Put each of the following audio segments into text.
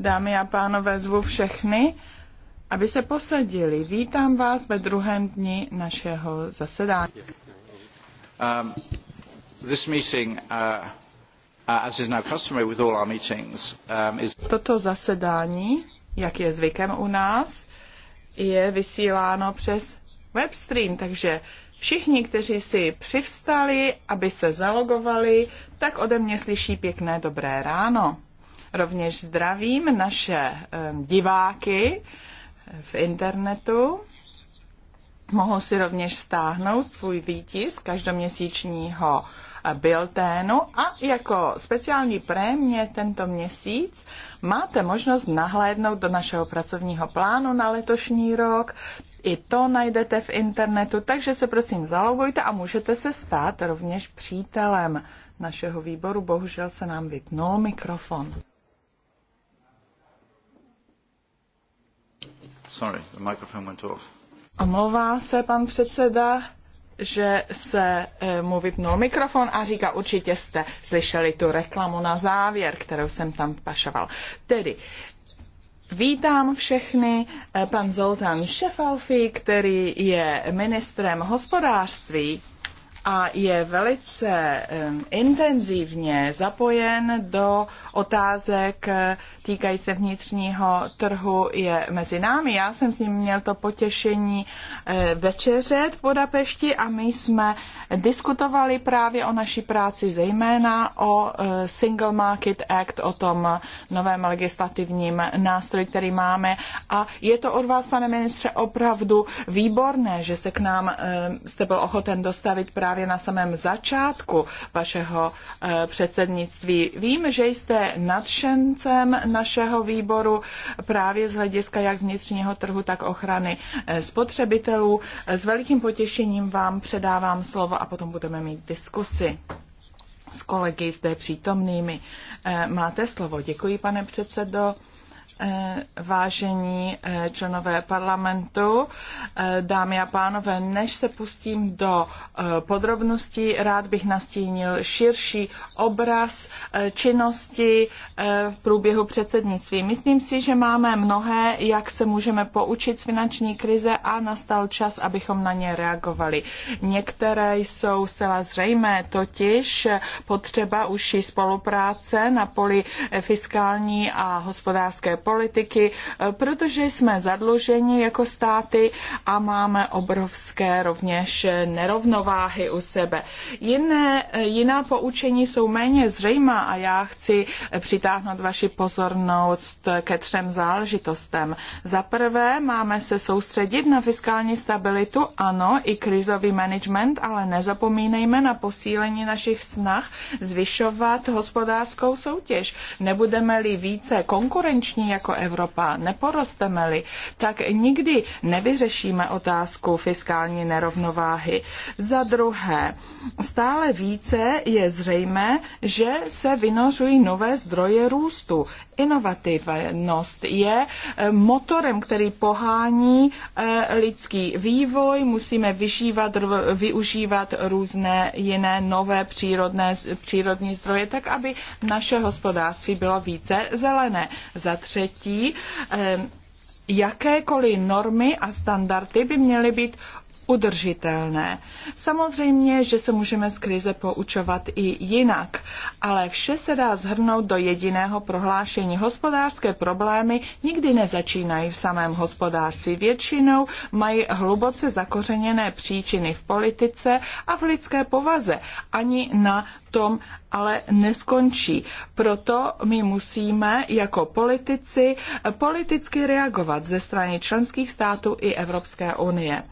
Dámy a pánové, zvu všechny, aby se posadili. Vítám vás ve druhém dni našeho zasedání. No, um, this meeting, uh, uh, as is now customary with all our meetings, um, is... Toto zasedání, jak je zvykem u nás, je vysíláno přes webstream, takže všichni, kteří si přivstali, aby se zalogovali, tak ode mě slyší pěkné dobré ráno. Rovněž zdravím naše diváky eh, v internetu. Mohou si rovněž stáhnout svůj výtisk každoměsíčního eh, bilténu a jako speciální prémě tento měsíc máte možnost nahlédnout do našeho pracovního plánu na letošní rok. I to najdete v internetu, takže se prosím zalogujte a můžete se stát rovněž přítelem našeho výboru. Bohužel se nám vypnul mikrofon. Sorry, the microphone went off. Omlouvá se pan předseda, že se eh, mu vypnul mikrofon a říká, určitě jste slyšeli tu reklamu na závěr, kterou jsem tam pašoval. Tedy, Vítám všechny. Eh, pan Zoltán Šefalfi, který je ministrem hospodářství a je velice intenzivně zapojen do otázek eh, týkají se vnitřního trhu, je mezi námi. Já jsem s ním měl to potěšení eh, večeřet v Budapešti a my jsme diskutovali právě o naší práci, zejména o eh, Single Market Act, o tom novém legislativním nástroji, který máme. A je to od vás, pane ministře, opravdu výborné, že se k nám jste byl ochoten dostavit právě právě na samém začátku vašeho eh, předsednictví. Vím, že jste nadšencem našeho výboru právě z hlediska jak vnitřního trhu, tak ochrany eh, spotřebitelů. S velikým potěšením vám předávám slovo a potom budeme mít diskusi s kolegy zde přítomnými. Eh, máte slovo. Děkuji, pane předsedo. Eh, vážení eh, členové parlamentu, eh, dámy a pánové, než se pustím do podrobností, rád bych nastínil širší obraz činnosti v průběhu předsednictví. Myslím si, že máme mnohé, jak se můžeme poučit z finanční krize a nastal čas, abychom na ně reagovali. Některé jsou zcela zřejmé, totiž potřeba užší spolupráce na poli fiskální a hospodářské politiky, eh, protože jsme zadluženi jako státy a máme obrovské rovněž eh, nerovnováhy u sebe. Jiné, eh, jiná poučení jsou méně zřejmá a já chci přitáhnout vaši pozornost ke třem záležitostem. Za prvé máme se soustředit na fiskální stabilitu, ano, i krizový management, ale nezapomínejme na posílení našich snah zvyšovat hospodářskou soutěž. Nebudeme-li více konkurenční jako Evropa neporosteme-li, tak nikdy nevyřešíme otázku fiskální nerovnováhy. Za druhé, stále více je zřejmé, že se vynořují nové zdroje růstu. Inovativnost je eh, motorem, který pohání eh, lidský vývoj. Musíme vyžívat, využívat různé jiné nové přírodné, přírodní zdroje, tak aby naše hospodářství bylo více zelené. Za třetí, eh, jakékoliv normy a standardy by měly být udržitelné. Samozřejmě, že se můžeme z krize poučovat i jinak, ale vše se dá zhrnout do jediného prohlášení. Hospodářské problémy nikdy nezačínají v samém hospodářství. Většinou mají hluboce zakořeněné příčiny v politice a v lidské povaze. Ani na tom ale neskončí. Proto my musíme jako politici politicky reagovat ze strany členských států i Evropské unie.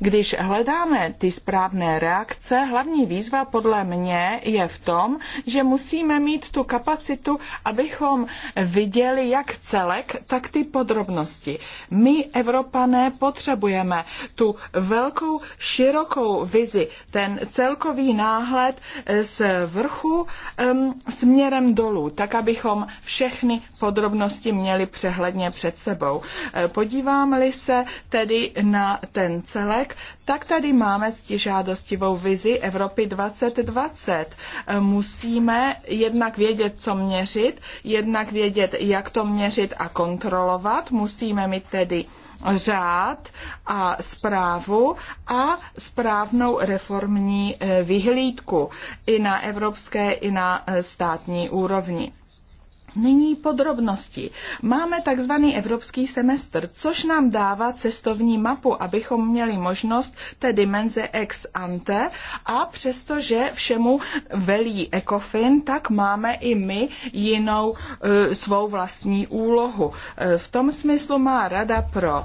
Když hledáme ty správné reakce, hlavní výzva podle mě je v tom, že musíme mít tu kapacitu, abychom viděli jak celek, tak ty podrobnosti. My, Evropané, potřebujeme tu velkou, širokou vizi, ten celkový náhled z vrchu um, směrem dolů, tak abychom všechny podrobnosti měli přehledně před sebou. Podíváme-li se tedy na ten celek, prvek, tak tady máme žádostivou vizi Evropy 2020. Musíme jednak vědět, co měřit, jednak vědět, jak to měřit a kontrolovat. Musíme mít tedy řád a zprávu a správnou reformní eh, vyhlídku i na evropské, i na eh, státní úrovni nyní podrobnosti. Máme takzvaný evropský semestr, což nám dává cestovní mapu, abychom měli možnost té dimenze ex ante a přestože všemu velí ECOFIN, tak máme i my jinou e, svou vlastní úlohu. E, v tom smyslu má Rada pro e,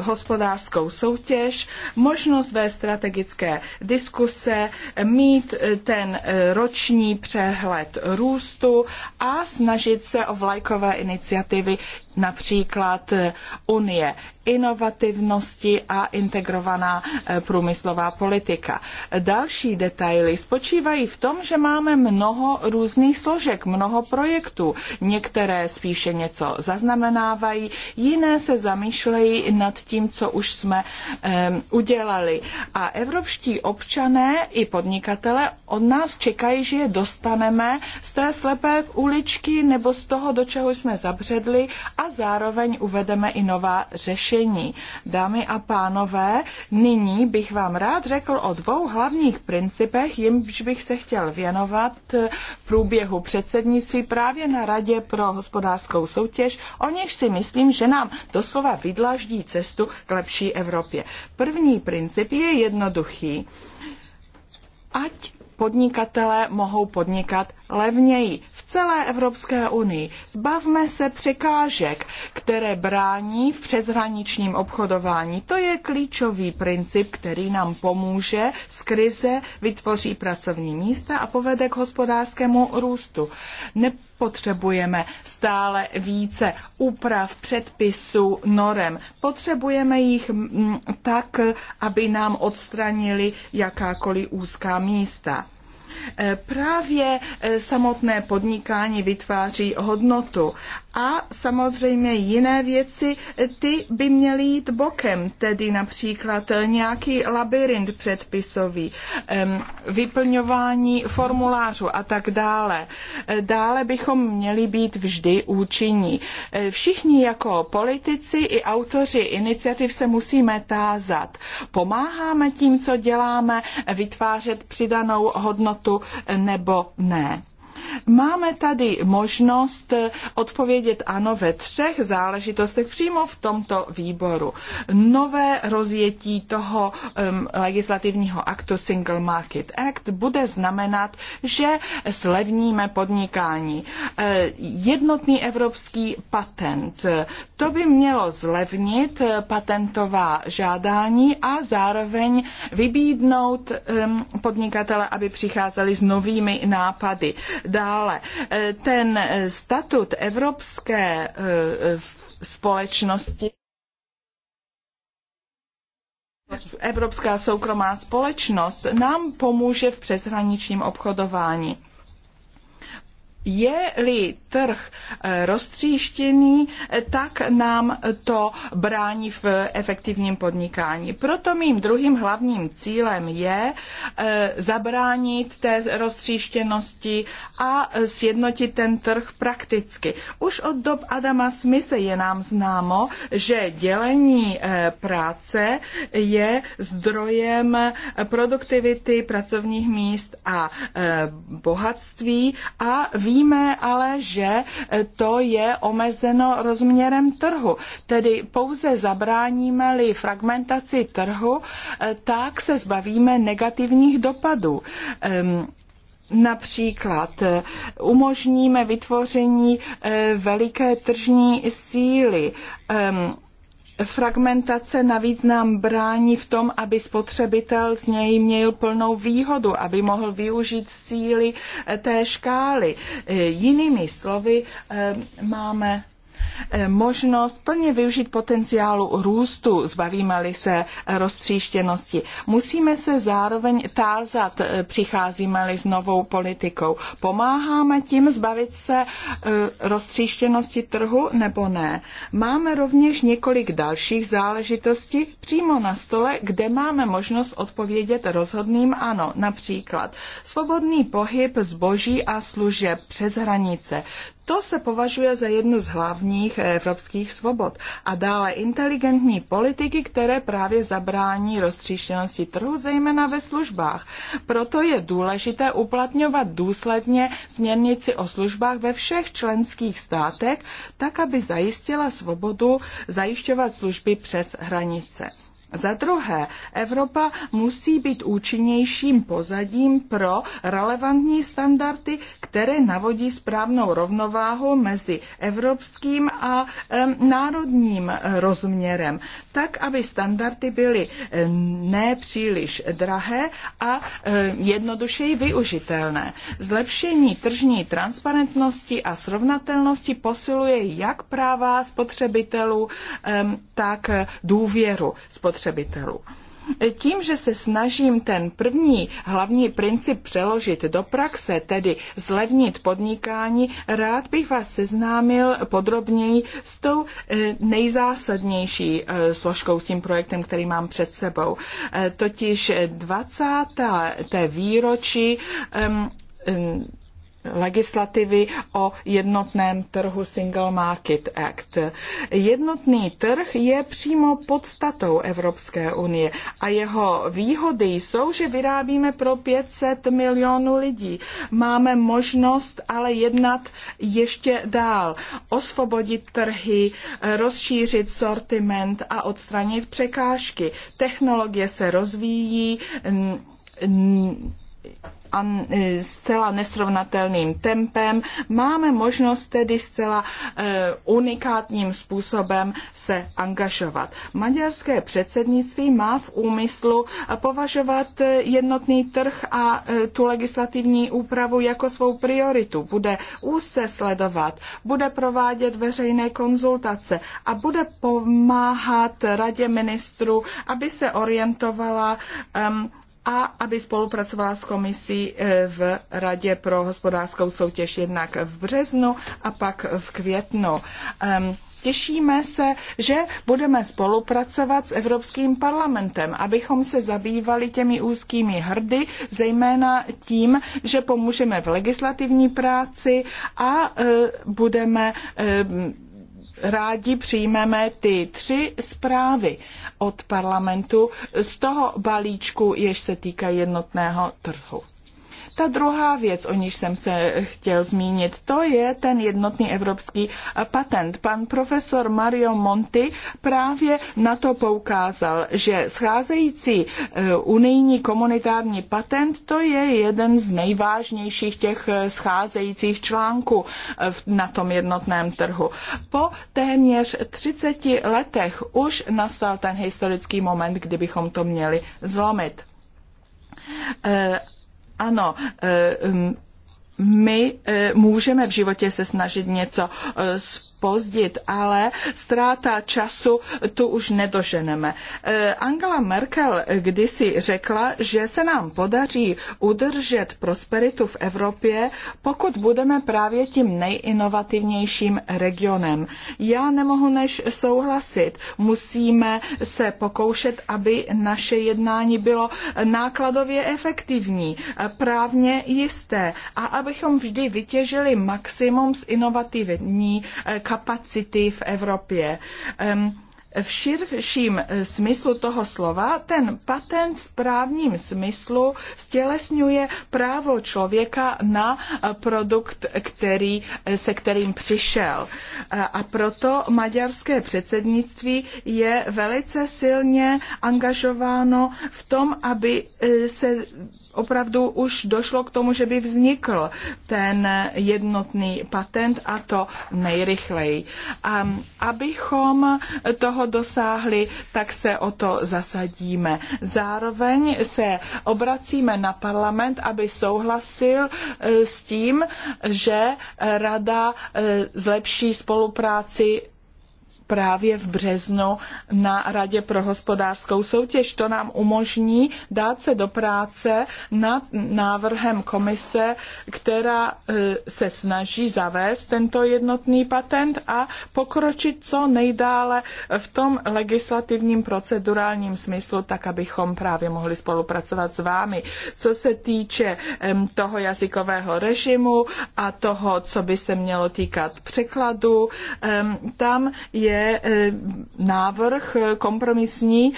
hospodářskou soutěž možnost ve strategické diskuse mít e, ten e, roční přehled růstu a snažit petice o vlajkové iniciativy například eh, Unie inovativnosti a integrovaná eh, průmyslová politika. Další detaily spočívají v tom, že máme mnoho různých složek, mnoho projektů. Některé spíše něco zaznamenávají, jiné se zamýšlejí nad tím, co už jsme um, udělali. A evropští občané i podnikatele od nás čekají, že je dostaneme z té slepé uličky nebo z toho, do čeho jsme zabředli a zároveň uvedeme i nová řešení. Dámy a pánové, nyní bych vám rád řekl o dvou hlavních principech, jimž bych se chtěl věnovat v průběhu předsednictví právě na Radě pro hospodářskou soutěž, o něž si myslím, že nám doslova vydlaždí cestu k lepší Evropě. První princip je jednoduchý. Ať podnikatelé mohou podnikat levněji v celé Evropské unii. Zbavme se překážek, které brání v přeshraničním obchodování. To je klíčový princip, který nám pomůže z krize, vytvoří pracovní místa a povede k hospodářskému růstu. Nepotřebujeme stále více úprav předpisů norem. Potřebujeme jich mm, tak, aby nám odstranili jakákoliv úzká místa. Právě eh, samotné podnikání vytváří hodnotu a samozřejmě jiné věci, ty by měly jít bokem, tedy například nějaký labirint předpisový, vyplňování formulářů a tak dále. Dále bychom měli být vždy účinní. Všichni jako politici i autoři iniciativ se musíme tázat. Pomáháme tím, co děláme, vytvářet přidanou hodnotu nebo ne. Máme tady možnost odpovědět ano ve třech záležitostech přímo v tomto výboru. Nové rozjetí toho um, legislativního aktu Single Market Act bude znamenat, že slevníme podnikání. Eh, jednotný evropský patent. To by mělo zlevnit eh, patentová žádání a zároveň vybídnout podnikatele, aby přicházeli s novými nápady. Dále, e, ten e, statut Evropské e, společnosti Evropská soukromá společnost nám pomůže v přeshraničním obchodování. Je-li trh eh, roztříštěný, eh, tak nám to brání v efektivním podnikání. Proto mým druhým hlavním cílem je eh, zabránit té roztříštěnosti a sjednotit ten trh prakticky. Už od dob Adama Smitha je nám známo, že dělení práce je zdrojem produktivity pracovních míst a bohatství a vý Víme ale, že e, to je omezeno rozměrem trhu. Tedy pouze zabráníme-li fragmentaci trhu, e, tak se zbavíme negativních dopadů. Například e, umožníme vytvoření veliké tržní síly Fragmentace navíc nám brání v tom, aby spotřebitel z něj měl plnou výhodu, aby mohl využít síly té škály. E, jinými slovy, e, máme Eh, možnost plně využít potenciálu růstu, zbavíme-li se roztříštěnosti. Musíme se zároveň tázat, eh, přicházíme-li s novou politikou. Pomáháme tím zbavit se eh, roztříštěnosti trhu nebo ne? Máme rovněž několik dalších záležitostí přímo na stole, kde máme možnost odpovědět rozhodným ano. Například svobodný pohyb zboží a služeb přes hranice. To se považuje za jednu z hlavních evropských svobod. A dále inteligentní politiky, které právě zabrání roztříštěnosti trhu, zejména ve službách. Proto je důležité uplatňovat důsledně směrnici o službách ve všech členských státech, tak aby zajistila svobodu zajišťovat služby přes hranice. Za druhé, Evropa musí být účinnějším pozadím pro relevantní standardy, které navodí správnou rovnováhu mezi evropským a národním rozměrem, tak aby standardy byly nepříliš drahé a jednodušeji využitelné. Zlepšení tržní transparentnosti a srovnatelnosti posiluje jak práva spotřebitelů, tak důvěru spotřebitelů spotřebitelů. Tím, že se snažím ten první hlavní princip přeložit do praxe, tedy zlevnit podnikání, rád bych vás seznámil podrobněji s tou eh, nejzásadnější eh, složkou, s tím projektem, který mám před sebou. Eh, totiž 20. výročí legislativy o jednotném trhu Single Market Act. Jednotný trh je přímo podstatou Evropské unie a jeho výhody jsou, že vyrábíme pro 500 milionů lidí. Máme možnost ale jednat ještě dál, osvobodit trhy, rozšířit sortiment a odstranit překážky. Technologie se rozvíjí, a e, zcela nesrovnatelným tempem. Máme možnost tedy zcela e, unikátním způsobem se angažovat. Maďarské předsednictví má v úmyslu považovat jednotný trh a e, tu legislativní úpravu jako svou prioritu. Bude úzce sledovat, bude provádět veřejné konzultace a bude pomáhat radě ministrů, aby se orientovala um, a aby spolupracovala s komisí e, v Radě pro hospodářskou soutěž jednak v březnu a pak v květnu. Těšíme se, že budeme spolupracovat s Evropským parlamentem, abychom se zabývali těmi úzkými hrdy, zejména tím, že pomůžeme v legislativní práci a e, budeme e, rádi přijmeme ty tři zprávy od parlamentu z toho balíčku, jež se týká jednotného trhu. Ta druhá věc, o níž jsem se chtěl zmínit, to je ten jednotný evropský patent. Pan profesor Mario Monti právě na to poukázal, že scházející eh, unijní komunitární patent, to je jeden z nejvážnějších těch eh, scházejících článků eh, na tom jednotném trhu. Po téměř 30 letech už nastal ten historický moment, kdybychom to měli zlomit. Ano, eh, my e, můžeme v životě se snažit něco spozdit, e, ale ztráta času tu už nedoženeme. E, Angela Merkel kdysi řekla, že se nám podaří udržet prosperitu v Evropě, pokud budeme právě tím nejinovativnějším regionem. Já nemohu než souhlasit. Musíme se pokoušet, aby naše jednání bylo nákladově efektivní, právně jisté a aby abychom vždy vytěžili maximum z inovativní eh, kapacity v Evropě. Um, v širším smyslu toho slova ten patent v právním smyslu stělesňuje právo člověka na produkt, který, se kterým přišel. A proto maďarské předsednictví je velice silně angažováno v tom, aby se opravdu už došlo k tomu, že by vznikl ten jednotný patent a to nejrychleji. A abychom toho toho dosáhli, tak se o to zasadíme. Zároveň se obracíme na parlament, aby souhlasil eh, s tím, že eh, rada eh, zlepší spolupráci právě v březnu na Radě pro hospodářskou soutěž. To nám umožní dát se do práce nad návrhem komise, která e, se snaží zavést tento jednotný patent a pokročit co nejdále v tom legislativním procedurálním smyslu, tak abychom právě mohli spolupracovat s vámi. Co se týče toho jazykového režimu a toho, co by se mělo týkat překladu, tam je Eh, návrh eh, kompromisní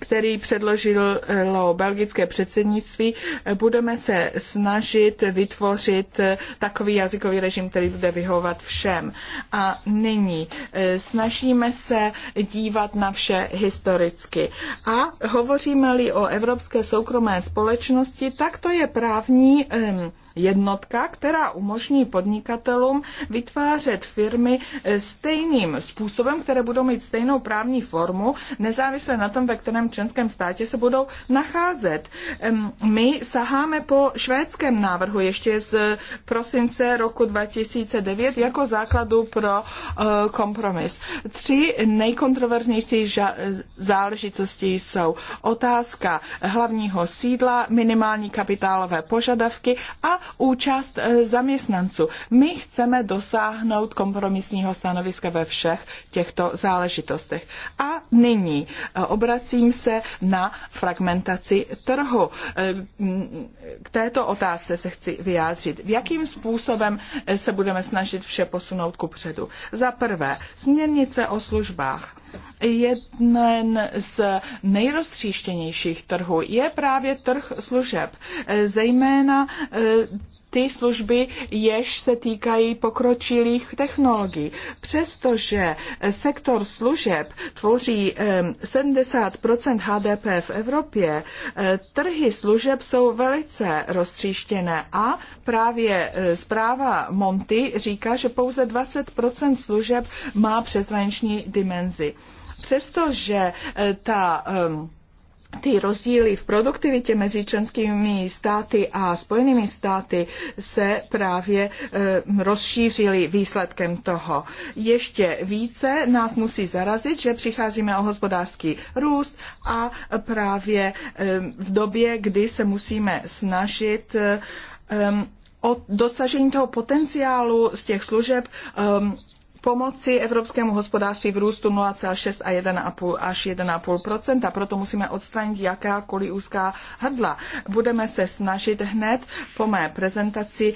který předložilo eh, belgické předsednictví, eh, budeme se snažit vytvořit eh, takový jazykový režim, který bude vyhovovat všem. A nyní snažíme se dívat na vše historicky. A hovoříme-li o evropské soukromé společnosti, tak to je právní jednotka, která umožní podnikatelům vytvářet firmy stejným způsobem, které budou mít stejnou právní formu, nezávisle na tom, ve kterém členském státě se budou nacházet. My saháme po švédském návrhu ještě z prosince roku 2009 jako základu pro eh, kompromis. Tři nejkontroverznější záležitosti jsou otázka hlavního sídla, minimální kapitálové požadavky a účast eh, zaměstnanců. My chceme dosáhnout kompromisního stanoviska ve všech těchto záležitostech. A nyní eh, obracím se na fragmentaci trhu. E, k této otázce se chci vyjádřit. V jakým způsobem e, se budeme snažit vše posunout ku předu? Za prvé, směrnice o službách. Jeden z nejroztříštěnějších trhů je právě trh služeb, e, zejména ty služby, jež se týkají pokročilých technologií. Přestože sektor služeb tvoří 70 HDP v Evropě, e, trhy služeb jsou velice roztříštěné a právě e, zpráva Monty říká, že pouze 20 služeb má přeshraniční dimenzi. Přestože e, ta um, ty rozdíly v produktivitě mezi členskými státy a spojenými státy se právě eh, rozšířily výsledkem toho. Ještě více nás musí zarazit, že přicházíme o hospodářský růst a právě eh, v době, kdy se musíme snažit eh, o dosažení toho potenciálu z těch služeb pomoci evropskému hospodářství v růstu 0,6 a 1,5 až 1,5 a proto musíme odstranit jakákoliv úzká hrdla. Budeme se snažit hned po mé prezentaci,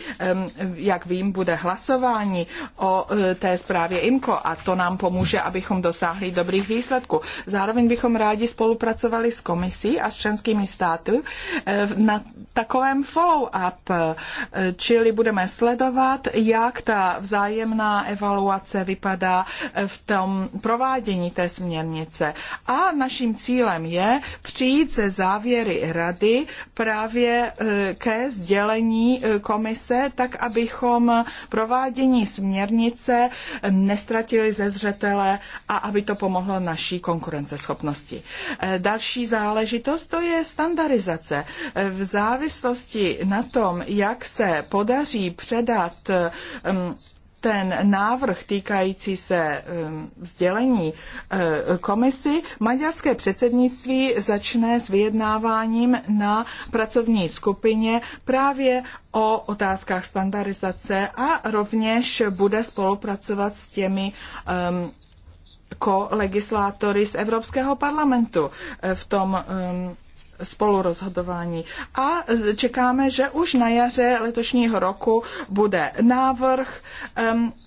jak vím, bude hlasování o e, té zprávě IMCO a to nám pomůže, abychom dosáhli dobrých výsledků. Zároveň bychom rádi spolupracovali s komisí a s členskými státy e, na takovém follow-up, e, čili budeme sledovat, jak ta vzájemná evaluace praxe vypadá eh, v tom provádění té směrnice. A naším cílem je přijít se závěry rady právě eh, ke sdělení eh, komise, tak abychom provádění směrnice nestratili ze zřetele a aby to pomohlo naší konkurenceschopnosti. Další záležitost to je standardizace. V závislosti na tom, jak se podaří předat ten návrh týkající se um, sdělení uh, komisi, maďarské předsednictví začne s vyjednáváním na pracovní skupině právě o otázkách standardizace a rovněž bude spolupracovat s těmi um, kolegislátory z Evropského parlamentu uh, v tom um, spolurozhodování. A čekáme, že už na jaře letošního roku bude návrh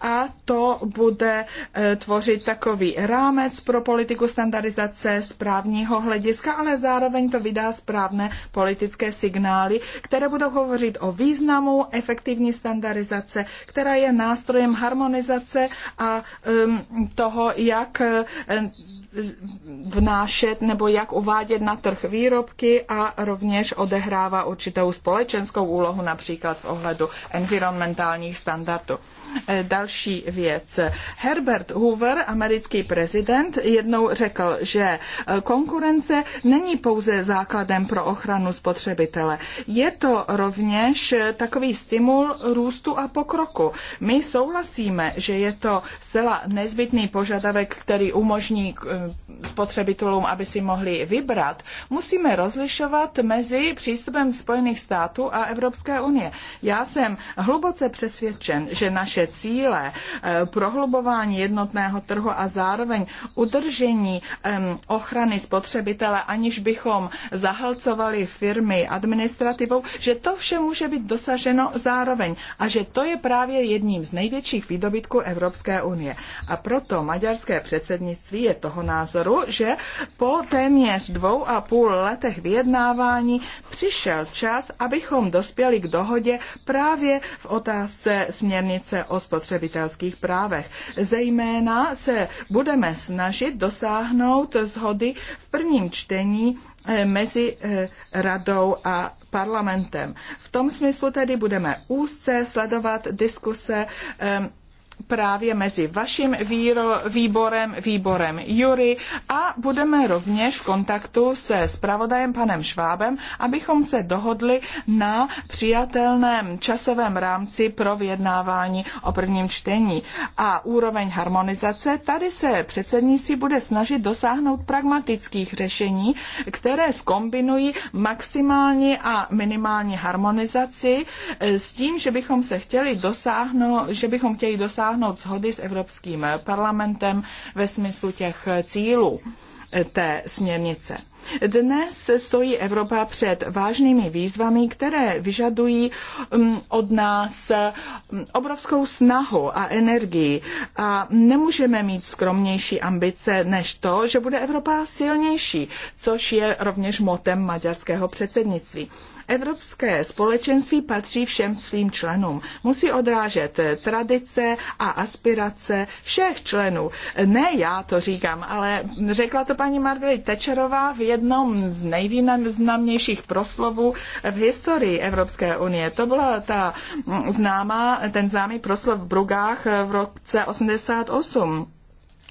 a to bude e, tvořit takový rámec pro politiku standardizace správního hlediska, ale zároveň to vydá správné politické signály, které budou hovořit o významu efektivní standardizace, která je nástrojem harmonizace a toho, jak vnášet nebo jak uvádět na trh výrobky, oblasti a rovněž odehrává určitou společenskou úlohu například v ohledu environmentálních standardů. Eh, další věc. Herbert Hoover, americký prezident, jednou řekl, že eh, konkurence není pouze základem pro ochranu spotřebitele. Je to rovněž eh, takový stimul růstu a pokroku. My souhlasíme, že je to zcela nezbytný požadavek, který umožní spotřebitelům, aby si mohli vybrat. Musíme rozlišovat mezi přístupem Spojených států a Evropské unie. Já jsem hluboce přesvědčen, že naše naše cíle, eh, prohlubování jednotného trhu a zároveň udržení ochrany spotřebitele, aniž bychom zahalcovali firmy administrativou, že to vše může být dosaženo zároveň a že to je právě jedním z největších výdobytků Evropské unie. A proto maďarské předsednictví je toho názoru, že po téměř dvou a půl letech vyjednávání přišel čas, abychom dospěli k dohodě právě v otázce směrnice o spotřebitelských právech. Zejména se budeme snažit dosáhnout zhody v prvním čtení eh, mezi eh, radou a parlamentem. V tom smyslu tedy budeme úzce sledovat diskuse eh, právě mezi vaším víro, výborem, výborem Jury a budeme rovněž v kontaktu se spravodajem panem Švábem, abychom se dohodli na přijatelném časovém rámci pro vyjednávání o prvním čtení. A úroveň harmonizace, tady se si bude snažit dosáhnout pragmatických řešení, které zkombinují maximální a minimální harmonizaci eh, s tím, že bychom se chtěli dosáhnout, že bychom chtěli dosáhnout dosáhnout shody s Evropským parlamentem ve smyslu těch cílů té směrnice. Dnes stojí Evropa před vážnými výzvami, které vyžadují mm, od nás mm, obrovskou snahu a energii. A nemůžeme mít skromnější ambice než to, že bude Evropa silnější, což je rovněž motem maďarského předsednictví. Evropské společenství patří všem svým členům. Musí odrážet tradice a aspirace všech členů. Ne já to říkám, ale řekla to paní Margaret Tečerová v jednom z nejvýznamnějších proslovů v historii Evropské unie. To byla ta známá, ten známý proslov v Brugách v roce 88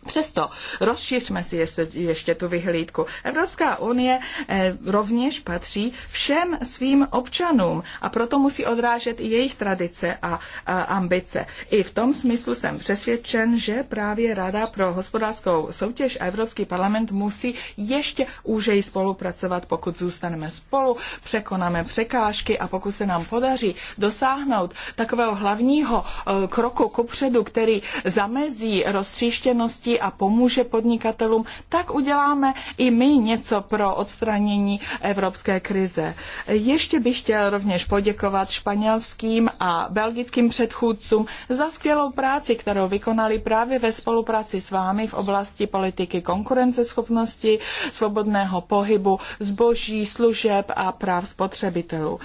Přesto rozšiřme si ještě, ještě tu vyhlídku. Evropská unie eh, rovněž patří všem svým občanům a proto musí odrážet i jejich tradice a, a ambice. I v tom smyslu jsem přesvědčen, že právě Rada pro hospodářskou soutěž a Evropský parlament musí ještě úžej spolupracovat, pokud zůstaneme spolu, překonáme překážky a pokud se nám podaří dosáhnout takového hlavního eh, kroku kupředu, který zamezí roztříštěnosti a pomůže podnikatelům, tak uděláme i my něco pro odstranění evropské krize. Ještě bych chtěl rovněž poděkovat španělským a belgickým předchůdcům za skvělou práci, kterou vykonali právě ve spolupráci s vámi v oblasti politiky konkurenceschopnosti, svobodného pohybu, zboží, služeb a práv spotřebitelů.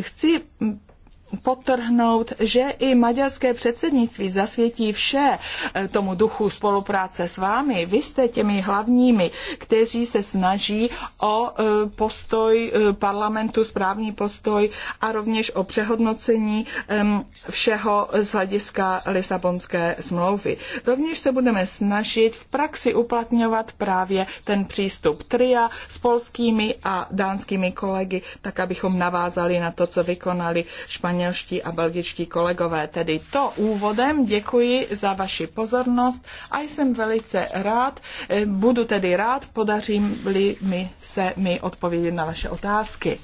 Chci potrhnout, že i maďarské předsednictví zasvětí vše e, tomu duchu spolupráce s vámi. Vy jste těmi hlavními, kteří se snaží o e, postoj e, parlamentu, správný postoj a rovněž o přehodnocení všeho z hlediska Lisabonské smlouvy. Rovněž se budeme snažit v praxi uplatňovat právě ten přístup TRIA s polskými a dánskými kolegy, tak abychom navázali na to, co vykonali Španělé španělští a belgičtí kolegové. Tedy to úvodem děkuji za vaši pozornost a jsem velice rád, eh, budu tedy rád, podařím-li mi se mi odpovědět na vaše otázky.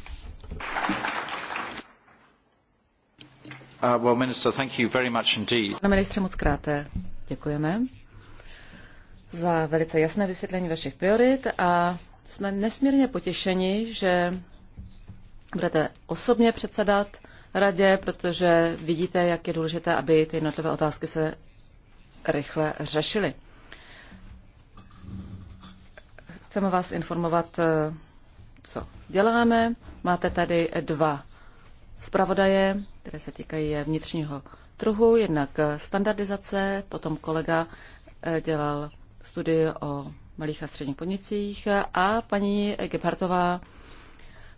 Uh, well, minister, thank you very much indeed. Pane ministře, moc kráté eh, děkujeme za velice jasné vysvětlení vašich priorit a jsme nesmírně potěšeni, že budete osobně předsedat radě, protože vidíte, jak je důležité, aby ty jednotlivé otázky se rychle řešily. Chceme vás informovat, eh, co děláme. Máte tady dva zpravodaje, které se týkají vnitřního trhu, jednak standardizace, potom kolega eh, dělal studii o malých a středních podnicích a paní Gebhartová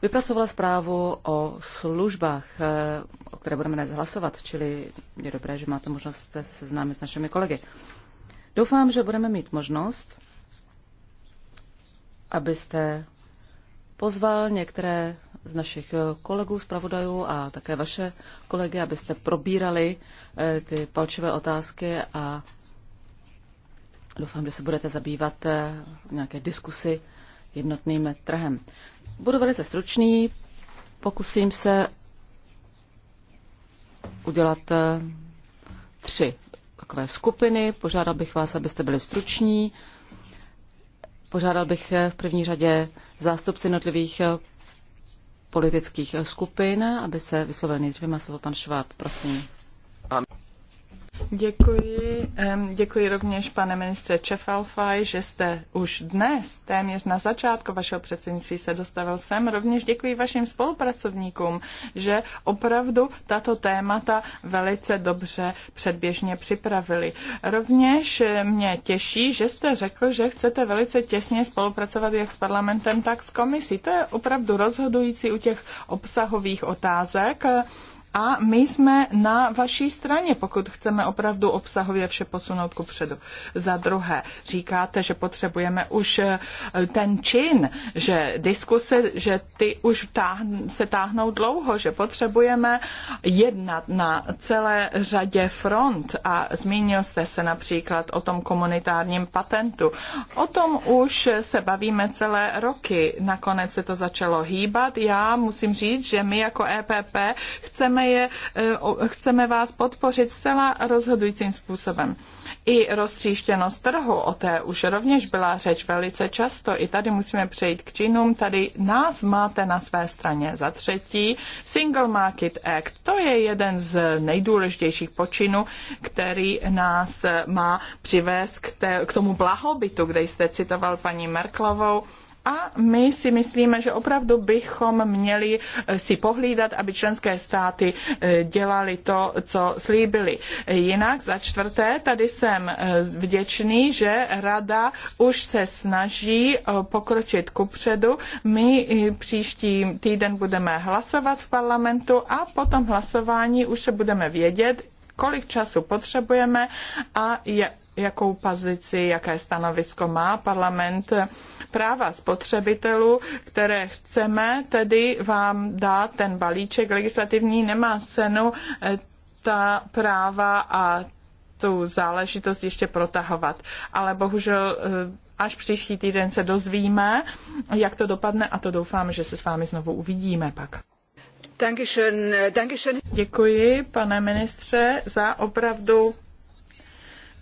vypracovala zprávu o službách, eh, o které budeme dnes hlasovat, čili je dobré, že máte možnost se seznámit s našimi kolegy. Doufám, že budeme mít možnost, abyste pozval některé z našich kolegů, zpravodajů a také vaše kolegy, abyste probírali eh, ty palčivé otázky a doufám, že se budete zabývat v eh, nějaké diskusy, jednotným trhem. Budu velice stručný, pokusím se udělat eh, tři takové skupiny. Požádal bych vás, abyste byli struční. Požádal bych eh, v první řadě zástupci jednotlivých eh, politických skupin, aby se vyslovil nejdříve slovo pan Šváb. Prosím. Děkuji. Děkuji rovněž, pane ministře Čefalfaj, že jste už dnes, téměř na začátku vašeho předsednictví, se dostavil sem. Rovněž děkuji vašim spolupracovníkům, že opravdu tato témata velice dobře předběžně připravili. Rovněž eh, mě těší, že jste řekl, že chcete velice těsně spolupracovat jak s parlamentem, tak s komisí. To je opravdu rozhodující u těch obsahových otázek a my jsme na vaší straně, pokud chceme opravdu obsahově vše posunout ku předu. Za druhé, říkáte, že potřebujeme už eh, ten čin, že diskuse, že ty už se táhnou dlouho, že potřebujeme jednat na celé řadě front a zmínil jste se například o tom komunitárním patentu. O tom už se bavíme celé roky. Nakonec se to začalo hýbat. Já musím říct, že my jako EPP chceme Chceme, je, e, chceme vás podpořit zcela rozhodujícím způsobem. I roztříštěnost trhu, o té už rovněž byla řeč velice často, i tady musíme přejít k činům, tady nás máte na své straně. Za třetí, Single Market Act, to je jeden z nejdůležitějších počinů, který nás má přivést k, té, k tomu blahobytu, kde jste citoval paní Merklovou, a my si myslíme, že opravdu bychom měli eh, si pohlídat, aby členské státy eh, dělali to, co slíbili. Jinak za čtvrté, tady jsem eh, vděčný, že rada už se snaží pokročit kupředu. My příští týden budeme hlasovat v parlamentu a po tom hlasování už se budeme vědět, kolik času potřebujeme a je, jakou pozici, jaké stanovisko má parlament práva spotřebitelů, které chceme tedy vám dát ten balíček legislativní, nemá cenu eh, ta práva a tu záležitost ještě protahovat. Ale bohužel eh, až příští týden se dozvíme, jak to dopadne a to doufám, že se s vámi znovu uvidíme pak. Děkuji, pane ministře, za opravdu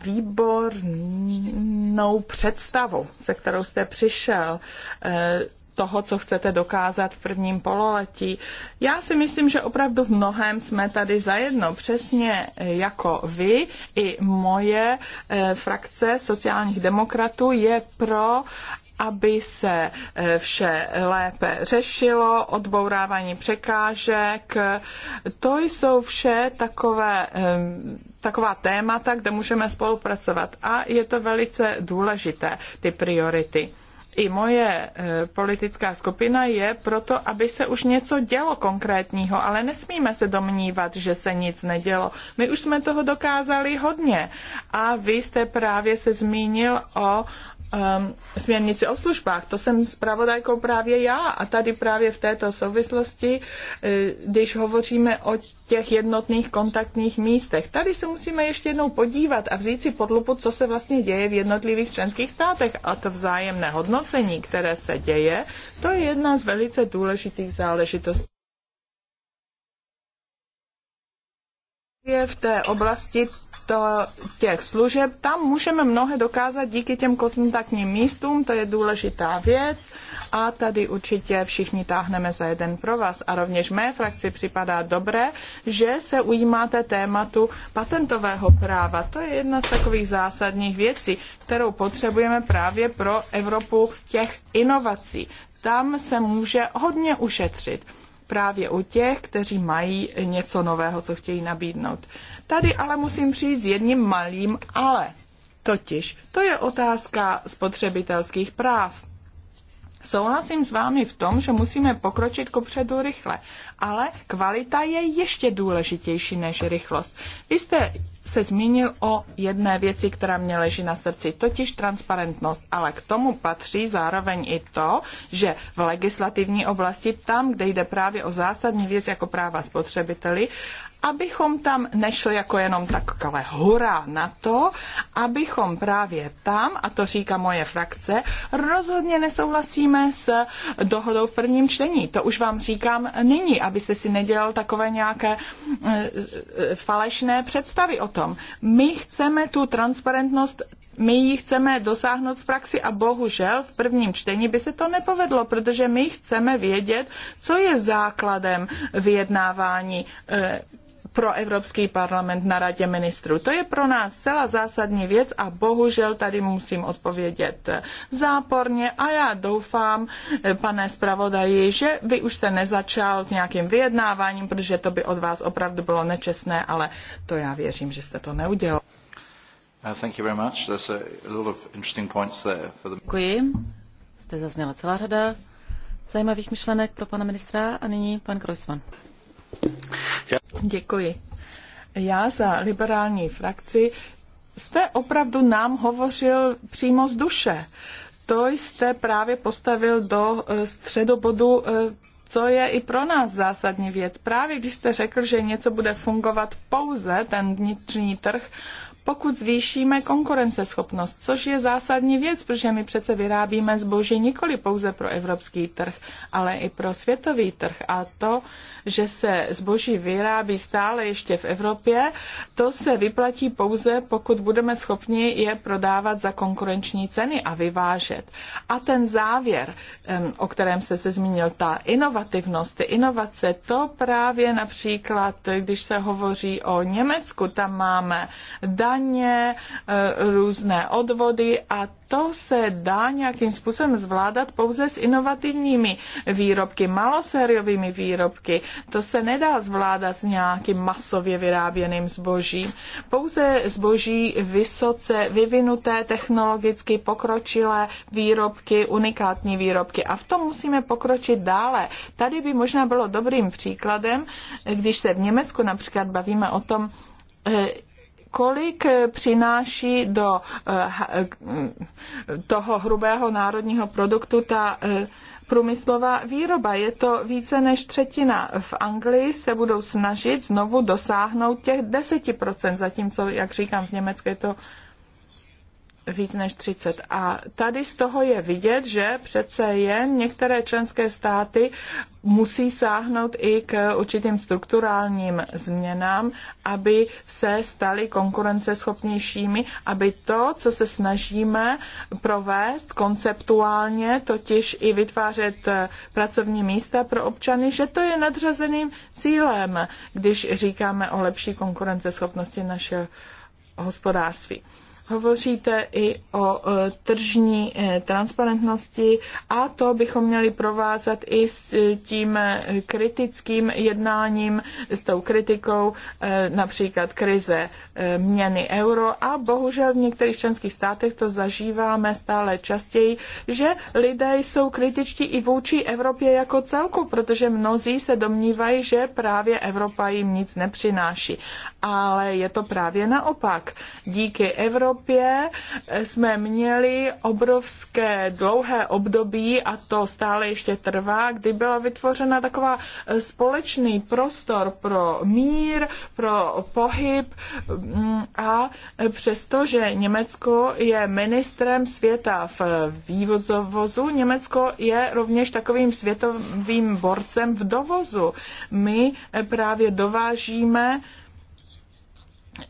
výbornou představu, se kterou jste přišel eh, toho, co chcete dokázat v prvním pololetí. Já si myslím, že opravdu v mnohem jsme tady zajedno, přesně eh, jako vy i moje eh, frakce sociálních demokratů je pro aby se eh, vše lépe řešilo, odbourávání překážek. To jsou vše takové, taková témata, kde můžeme spolupracovat a je to velice důležité, ty priority. I moje eh, politická skupina je proto, aby se už něco dělo konkrétního, ale nesmíme se domnívat, že se nic nedělo. My už jsme toho dokázali hodně. A vy jste právě se zmínil o um, směrnici o službách. To jsem zpravodajkou právě já a tady právě v této souvislosti, eh, když hovoříme o těch jednotných kontaktních místech. Tady se musíme ještě jednou podívat a vzít si pod lupu, co se vlastně děje v jednotlivých členských státech a to vzájemné hodnocení, které se děje, to je jedna z velice důležitých záležitostí. je v té oblasti to, těch služeb, tam můžeme mnohé dokázat díky těm kontaktním místům, to je důležitá věc a tady určitě všichni táhneme za jeden pro vás. A rovněž mé frakci připadá dobré, že se ujímáte tématu patentového práva. To je jedna z takových zásadních věcí, kterou potřebujeme právě pro Evropu těch inovací. Tam se může hodně ušetřit právě u těch, kteří mají něco nového, co chtějí nabídnout. Tady ale musím přijít s jedním malým ale. Totiž to je otázka spotřebitelských práv. Souhlasím s vámi v tom, že musíme pokročit kopředu rychle, ale kvalita je ještě důležitější než rychlost. Vy jste se zmínil o jedné věci, která mě leží na srdci, totiž transparentnost, ale k tomu patří zároveň i to, že v legislativní oblasti, tam, kde jde právě o zásadní věc jako práva spotřebiteli, abychom tam nešli jako jenom takhle hurá na to, abychom právě tam, a to říká moje frakce, rozhodně nesouhlasíme s dohodou v prvním čtení. To už vám říkám nyní, abyste si nedělal takové nějaké eh, eh, falešné představy o tom. My chceme tu transparentnost my ji chceme dosáhnout v praxi a bohužel v prvním čtení by se to nepovedlo, protože my chceme vědět, co je základem vyjednávání eh, pro Evropský parlament na radě ministrů. To je pro nás celá zásadní věc a bohužel tady musím odpovědět záporně a já doufám, pane zpravodaji, že vy už se nezačal s nějakým vyjednáváním, protože to by od vás opravdu bylo nečestné, ale to já věřím, že jste to neudělal. Uh, Děkuji. Zde zazněla celá řada zajímavých myšlenek pro pana ministra a nyní pan Kreuzmann. Děkuji. Já za liberální frakci jste opravdu nám hovořil přímo z duše. To jste právě postavil do eh, středobodu eh, co je i pro nás zásadní věc. Právě když jste řekl, že něco bude fungovat pouze ten vnitřní trh, pokud zvýšíme konkurenceschopnost, což je zásadní věc, protože my přece vyrábíme zboží nikoli pouze pro evropský trh, ale i pro světový trh. A to, že se zboží vyrábí stále ještě v Evropě, to se vyplatí pouze, pokud budeme schopni je prodávat za konkurenční ceny a vyvážet. A ten závěr, o kterém jste se zmínil, ta inovativnost, ty inovace, to právě například, když se hovoří o Německu, tam máme daň, daně, e, různé odvody a to se dá nějakým způsobem zvládat pouze s inovativními výrobky, malosériovými výrobky. To se nedá zvládat s nějakým masově vyráběným zbožím. Pouze zboží vysoce vyvinuté technologicky pokročilé výrobky, unikátní výrobky. A v tom musíme pokročit dále. Tady by možná bylo dobrým příkladem, když se v Německu například bavíme o tom, e, kolik eh, přináší do eh, eh, toho hrubého národního produktu ta průmyslová výroba. Je to více než třetina. V Anglii se budou snažit znovu dosáhnout těch 10%, zatímco, jak říkám, v Německu je to víc než 30. A tady z toho je vidět, že přece jen některé členské státy musí sáhnout i k určitým strukturálním změnám, aby se staly konkurenceschopnějšími, aby to, co se snažíme provést konceptuálně, totiž i vytvářet pracovní místa pro občany, že to je nadřazeným cílem, když říkáme o lepší konkurenceschopnosti našeho hospodářství. Hovoříte i o e, tržní e, transparentnosti a to bychom měli provázat i s e, tím kritickým jednáním, s tou kritikou například krize měny euro a bohužel v některých členských státech to zažíváme stále častěji, že lidé jsou kritičtí i vůči Evropě jako celku, protože mnozí se domnívají, že právě Evropa jim nic nepřináší ale je to právě naopak. Díky Evropě jsme měli obrovské dlouhé období a to stále ještě trvá, kdy byla vytvořena taková eh, společný prostor pro mír, pro pohyb mm, a že Německo je ministrem světa v vývozu, Německo je rovněž takovým světovým borcem v dovozu. My eh, právě dovážíme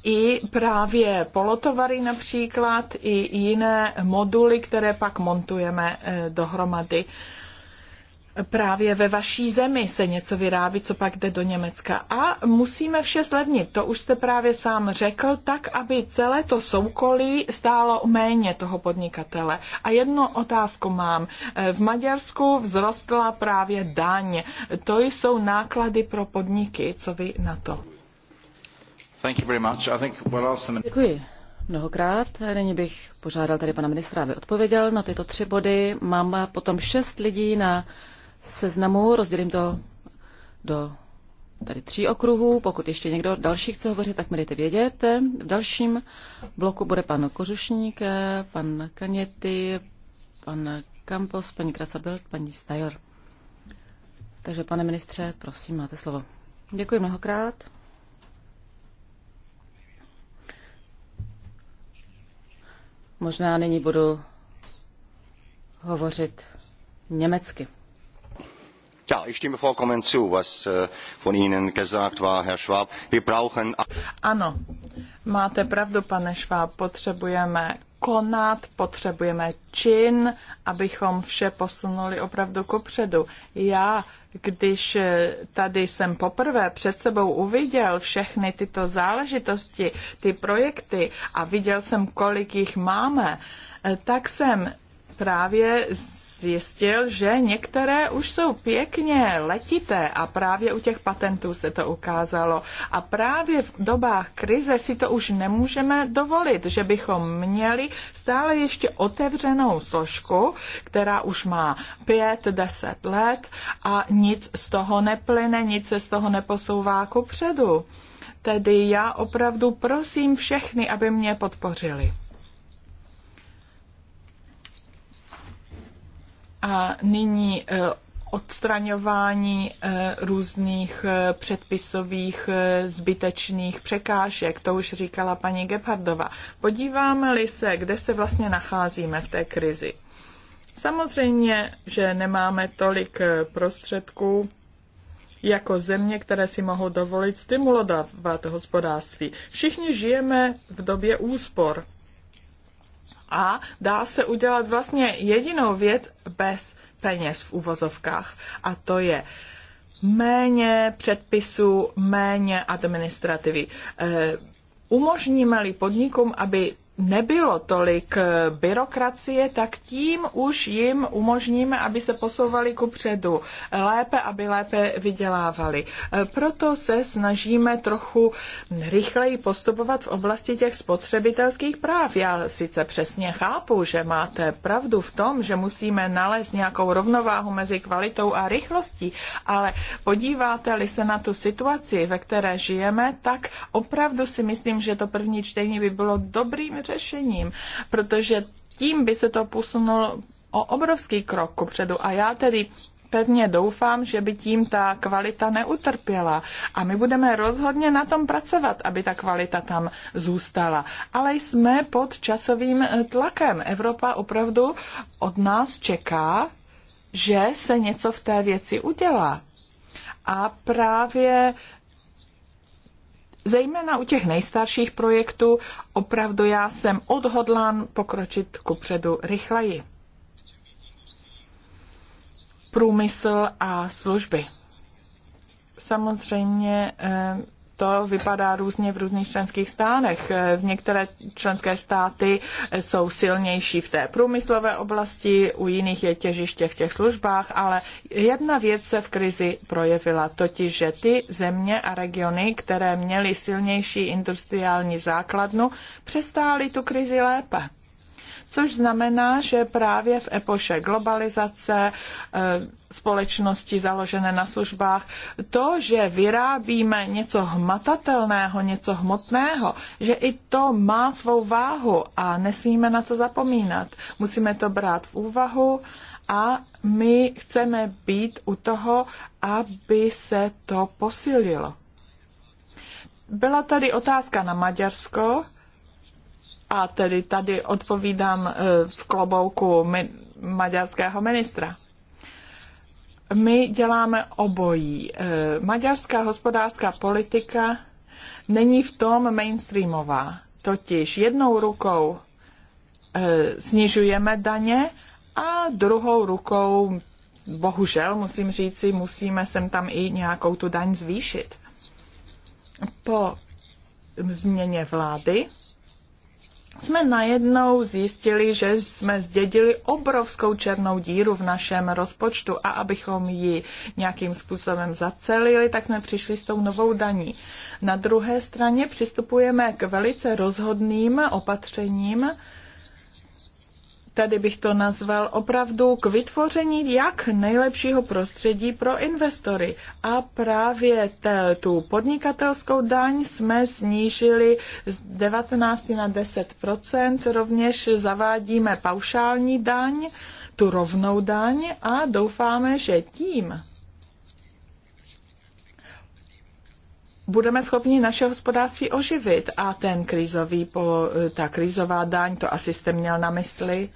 i právě polotovary například, i jiné moduly, které pak montujeme eh, dohromady. Právě ve vaší zemi se něco vyrábí, co pak jde do Německa. A musíme vše zlevnit, to už jste právě sám řekl, tak, aby celé to soukolí stálo méně toho podnikatele. A jednu otázku mám. Eh, v Maďarsku vzrostla právě daň. To jsou náklady pro podniky. Co vy na to? Děkuji mnohokrát. Nyní bych požádal tady pana ministra, aby odpověděl na tyto tři body. Mám potom šest lidí na seznamu, rozdělím to do tady tří okruhů. Pokud ještě někdo další chce hovořit, tak mi dejte vědět. V dalším bloku bude pan Kožušník, pan Kaněty, pan Campos, paní Kracabilt, paní Steyer. Takže pane ministře, prosím, máte slovo. Děkuji mnohokrát. Možná nyní budu hovořit německy. Ja, ich stimme vollkommen zu, was äh, von Ihnen gesagt war, Herr Schwab. Wir brauchen... Ano, máte pravdu, pane Schwab, potřebujeme konat, potřebujeme čin, abychom vše posunuli opravdu kopředu. Já když eh, tady jsem poprvé před sebou uviděl všechny tyto záležitosti, ty projekty a viděl jsem, kolik jich máme, eh, tak jsem právě zjistil, že některé už jsou pěkně letité a právě u těch patentů se to ukázalo. A právě v dobách krize si to už nemůžeme dovolit, že bychom měli stále ještě otevřenou složku, která už má pět, deset let a nic z toho neplyne, nic se z toho neposouvá ku předu. Tedy já opravdu prosím všechny, aby mě podpořili. A nyní e, odstraňování e, různých e, předpisových zbytečných překážek, to už říkala paní Gepardova. Podíváme-li se, kde se vlastně nacházíme v té krizi. Samozřejmě, že nemáme tolik prostředků jako země, které si mohou dovolit stimulovat hospodářství. Všichni žijeme v době úspor a dá se udělat vlastně jedinou věc bez peněz v uvozovkách a to je méně předpisů, méně administrativy. Eh, umožníme-li podnikům, aby nebylo tolik eh, byrokracie, tak tím už jim umožníme, aby se posouvali ku předu lépe, aby lépe vydělávali. Eh, proto se snažíme trochu rychleji postupovat v oblasti těch spotřebitelských práv. Já sice přesně chápu, že máte pravdu v tom, že musíme nalézt nějakou rovnováhu mezi kvalitou a rychlostí, ale podíváte-li se na tu situaci, ve které žijeme, tak opravdu si myslím, že to první čtení by bylo dobrým řešením, protože tím by se to posunulo o obrovský krok kupředu. A já tedy pevně doufám, že by tím ta kvalita neutrpěla. A my budeme rozhodně na tom pracovat, aby ta kvalita tam zůstala. Ale jsme pod časovým eh, tlakem. Evropa opravdu od nás čeká, že se něco v té věci udělá. A právě zejména u těch nejstarších projektů, opravdu já jsem odhodlán pokročit ku předu rychleji. Průmysl a služby. Samozřejmě eh, to vypadá různě v různých členských stánech. Eh, v některé členské státy eh, jsou silnější v té průmyslové oblasti, u jiných je těžiště v těch službách, ale jedna věc se v krizi projevila, totiž, že ty země a regiony, které měly silnější industriální základnu, přestály tu krizi lépe což znamená, že právě v epoše globalizace, eh, společnosti založené na službách, to, že vyrábíme něco hmatatelného, něco hmotného, že i to má svou váhu a nesmíme na to zapomínat. Musíme to brát v úvahu a my chceme být u toho, aby se to posílilo. Byla tady otázka na Maďarsko a tedy tady odpovídám e, v klobouku maďarského ministra. My děláme obojí. E, maďarská hospodářská politika není v tom mainstreamová. Totiž jednou rukou e, snižujeme daně a druhou rukou, bohužel musím říci, musíme sem tam i nějakou tu daň zvýšit. Po změně vlády jsme najednou zjistili, že jsme zdědili obrovskou černou díru v našem rozpočtu a abychom ji nějakým způsobem zacelili, tak jsme přišli s tou novou daní. Na druhé straně přistupujeme k velice rozhodným opatřením, tady bych to nazval opravdu k vytvoření jak nejlepšího prostředí pro investory. A právě té, tu podnikatelskou daň jsme snížili z 19 na 10 rovněž zavádíme paušální daň, tu rovnou daň a doufáme, že tím budeme schopni naše hospodářství oživit. A ten krizový, eh, ta krizová daň, to asi jste měl na mysli,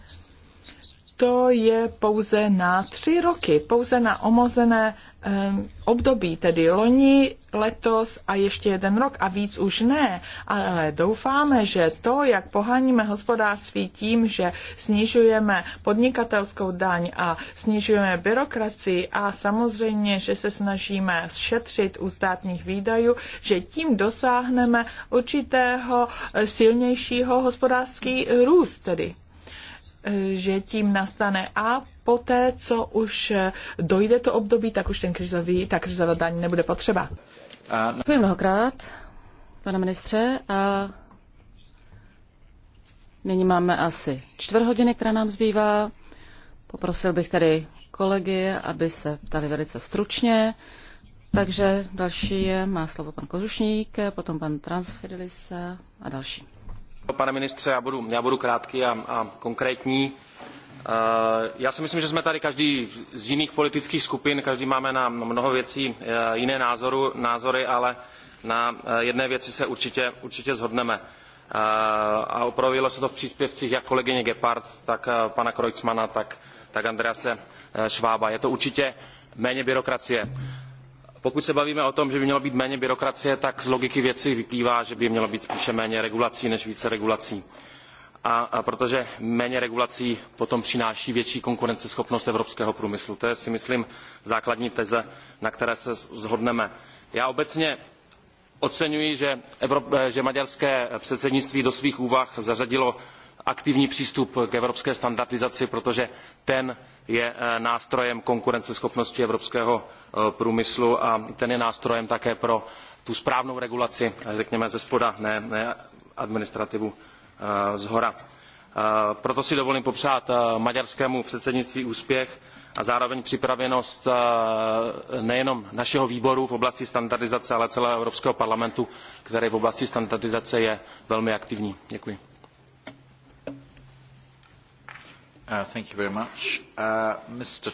to je pouze na tři roky, pouze na omozené um, období, tedy loni, letos a ještě jeden rok a víc už ne. Ale doufáme, že to, jak poháníme hospodářství tím, že snižujeme podnikatelskou daň a snižujeme byrokracii a samozřejmě, že se snažíme šetřit u státních výdajů, že tím dosáhneme určitého silnějšího hospodářský růst tedy že tím nastane a poté, co už dojde to období, tak už ten krizový, ta krizová daň nebude potřeba. Děkuji mnohokrát, pane ministře. A nyní máme asi čtvrt hodiny, která nám zbývá. Poprosil bych tedy kolegy, aby se ptali velice stručně. Takže další je, má slovo pan Kozušník, potom pan Transfidelis a další. Pane ministře, já budu, já budu krátký a, a konkrétní. Eh, já si myslím, že jsme tady každý z jiných politických skupin, každý máme na mnoho věcí eh, jiné názoru, názory, ale na eh, jedné věci se určitě, určitě zhodneme. A opravilo se to v příspěvcích jak kolegyně Gepard, tak pana Kreutzmana, tak, tak Andrease Švába. Je to určitě méně byrokracie. Pokud se bavíme o tom, že by mělo být méně byrokracie, tak z logiky věci vyplývá, že by mělo být spíše méně regulací než více regulací. A, a protože méně regulací potom přináší větší konkurenceschopnost evropského průmyslu. To je, si myslím, základní teze, na které se shodneme. Já obecně oceňuji, že, Evrop, že maďarské předsednictví do svých úvah zařadilo aktivní přístup k evropské standardizaci, protože ten je e, nástrojem konkurenceschopnosti evropského Eh, průmyslu a ten je nástrojem také pro tu správnou regulaci, eh, řekněme ze spoda, ne, ne administrativu eh, z hora. Proto si dovolím popřát maďarskému předsednictví úspěch a zároveň připravenost nejenom našeho výboru v oblasti standardizace, ale celého Evropského parlamentu, který v oblasti standardizace je velmi aktivní. Děkuji. Uh, thank you very much. Uh, Mr.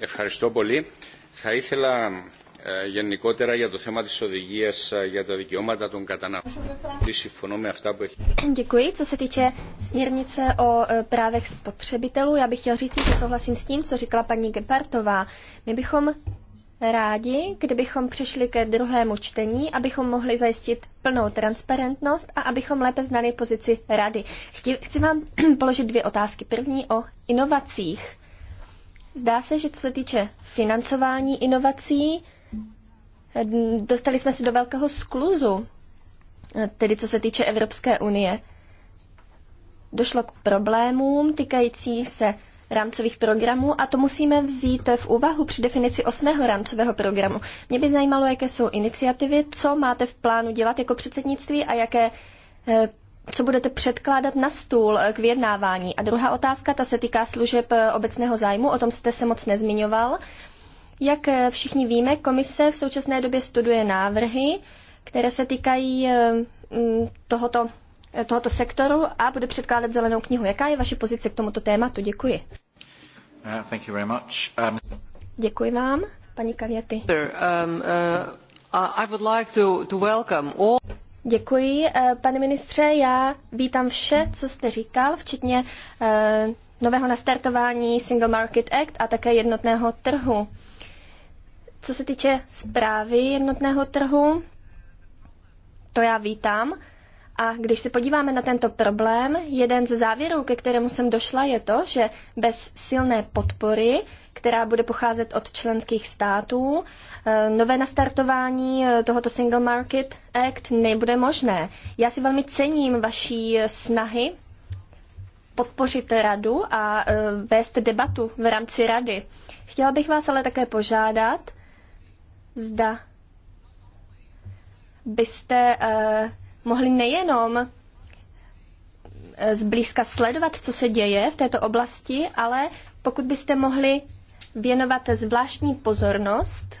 Ευχαριστώ πολύ. Θα ήθελα γενικότερα για το θέμα της οδηγίας για τα δικαιώματα των καταναλωτών. Συμφωνώ με αυτά που έχει. Děkuji. Co se týče směrnice o e, právech spotřebitelů, já bych chtěl říct, že souhlasím s tím, co říkala paní Gepartová. My bychom rádi, kdybychom přešli ke druhému čtení, abychom mohli zajistit plnou transparentnost a abychom lépe znali pozici rady. Chci, chci vám položit dvě otázky. První o inovacích. Zdá se, že co se týče financování inovací, dostali jsme se do velkého skluzu, tedy co se týče Evropské unie. Došlo k problémům týkající se rámcových programů a to musíme vzít v úvahu při definici osmého rámcového programu. Mě by zajímalo, jaké jsou iniciativy, co máte v plánu dělat jako předsednictví a jaké eh, co budete předkládat na stůl k vyjednávání. A druhá otázka, ta se týká služeb eh, obecného zájmu, o tom jste se moc nezmiňoval. Jak eh, všichni víme, komise v současné době studuje návrhy, které se týkají eh, mm, tohoto, tohoto sektoru a bude předkládat zelenou knihu. Jaká je vaše pozice k tomuto tématu? Děkuji. Uh, thank you very much. Um... Děkuji vám, paní Kaviaty. Um, uh, I would like to, to welcome all... Děkuji, eh, pane ministře. Já vítám vše, co jste říkal, včetně eh, nového nastartování Single Market Act a také jednotného trhu. Co se týče zprávy jednotného trhu, to já vítám. A když se podíváme na tento problém, jeden ze závěrů, ke kterému jsem došla, je to, že bez silné podpory, která bude pocházet od členských států Eh, nové nastartování eh, tohoto Single Market Act nebude možné. Já si velmi cením vaší snahy podpořit radu a eh, vést debatu v rámci rady. Chtěla bych vás ale také požádat, zda byste mohli nejenom zblízka sledovat, co se děje v této oblasti, ale pokud byste mohli věnovat zvláštní pozornost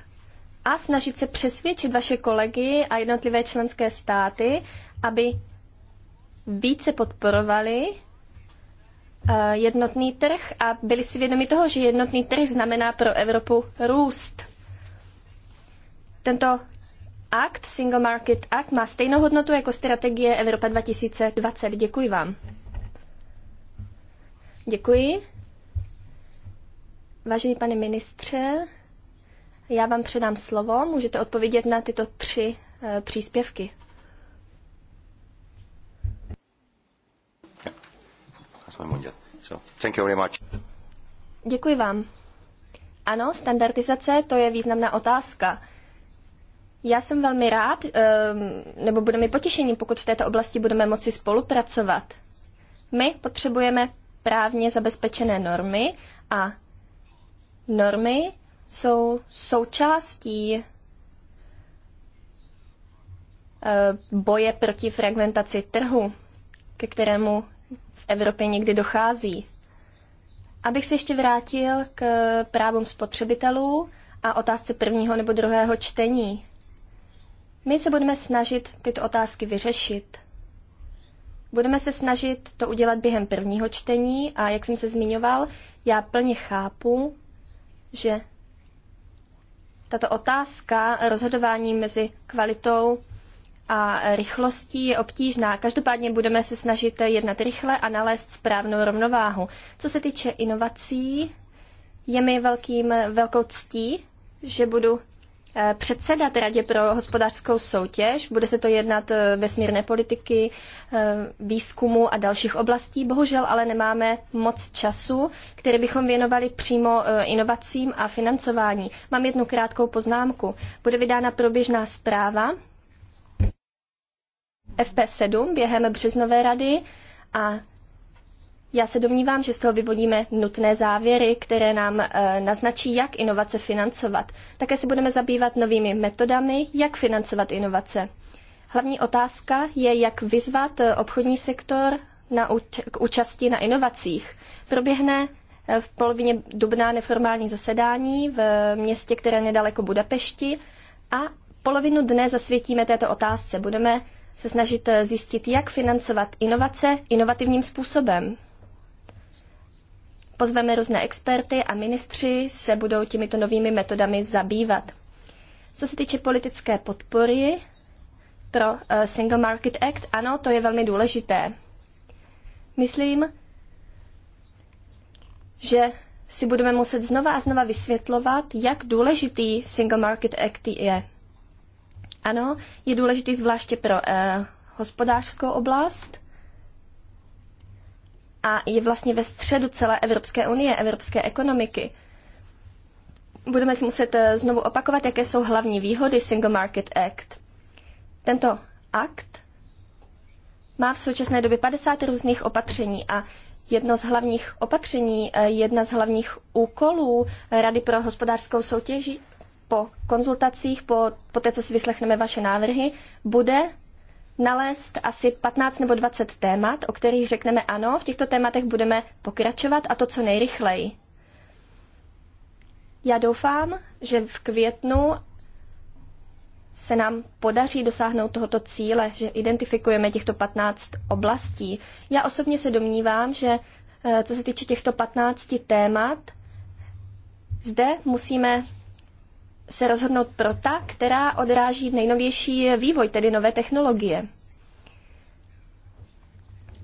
a snažit se přesvědčit vaše kolegy a jednotlivé členské státy, aby více podporovali eh, jednotný trh a byli si vědomi toho, že jednotný trh znamená pro Evropu růst. Tento akt, Single Market Act, má stejnou hodnotu jako strategie Evropa 2020. Děkuji vám. Děkuji. Vážený pane ministře, já vám předám slovo, můžete odpovědět na tyto tři e, příspěvky. Děkuji vám. Ano, standardizace, to je významná otázka. Já jsem velmi rád, ehm, nebo bude mi potěšení, pokud v této oblasti budeme moci spolupracovat. My potřebujeme právně zabezpečené normy a normy, jsou součástí eh, boje proti fragmentaci trhu, ke kterému v Evropě někdy dochází. Abych se ještě vrátil k právům spotřebitelů a otázce prvního nebo druhého čtení. My se budeme snažit tyto otázky vyřešit. Budeme se snažit to udělat během prvního čtení a jak jsem se zmiňoval, já plně chápu, že tato otázka rozhodování mezi kvalitou a rychlostí je obtížná. Každopádně budeme se snažit jednat rychle a nalézt správnou rovnováhu. Co se týče inovací, je mi velkým, velkou ctí, že budu předsedat Radě pro hospodářskou soutěž. Bude se to jednat eh, vesmírné politiky, eh, výzkumu a dalších oblastí. Bohužel ale nemáme moc času, který bychom věnovali přímo eh, inovacím a financování. Mám jednu krátkou poznámku. Bude vydána proběžná zpráva FP7 během březnové rady a já se domnívám, že z toho vyvodíme nutné závěry, které nám e, naznačí, jak inovace financovat. Také se budeme zabývat novými metodami, jak financovat inovace. Hlavní otázka je, jak vyzvat eh, obchodní sektor na k účasti na inovacích. Proběhne eh, v polovině dubna neformální zasedání v městě, které nedaleko Budapešti a polovinu dne zasvětíme této otázce. Budeme se snažit zjistit, jak financovat inovace inovativním způsobem. Pozveme různé experty a ministři se budou těmito novými metodami zabývat. Co se týče politické podpory pro eh, Single Market Act, ano, to je velmi důležité. Myslím, že si budeme muset znova a znova vysvětlovat, jak důležitý Single Market Act je. Ano, je důležitý zvláště pro eh, hospodářskou oblast, a je vlastně ve středu celé Evropské unie, evropské ekonomiky. Budeme si muset eh, znovu opakovat, jaké jsou hlavní výhody Single Market Act. Tento akt má v současné době 50 různých opatření a jedno z hlavních opatření, eh, jedna z hlavních úkolů Rady pro hospodářskou soutěži po konzultacích, po, po té, co si vyslechneme vaše návrhy, bude nalézt asi 15 nebo 20 témat, o kterých řekneme ano, v těchto tématech budeme pokračovat a to co nejrychleji. Já doufám, že v květnu se nám podaří dosáhnout tohoto cíle, že identifikujeme těchto 15 oblastí. Já osobně se domnívám, že eh, co se týče těchto 15 témat, zde musíme se rozhodnout pro ta, která odráží nejnovější vývoj, tedy nové technologie.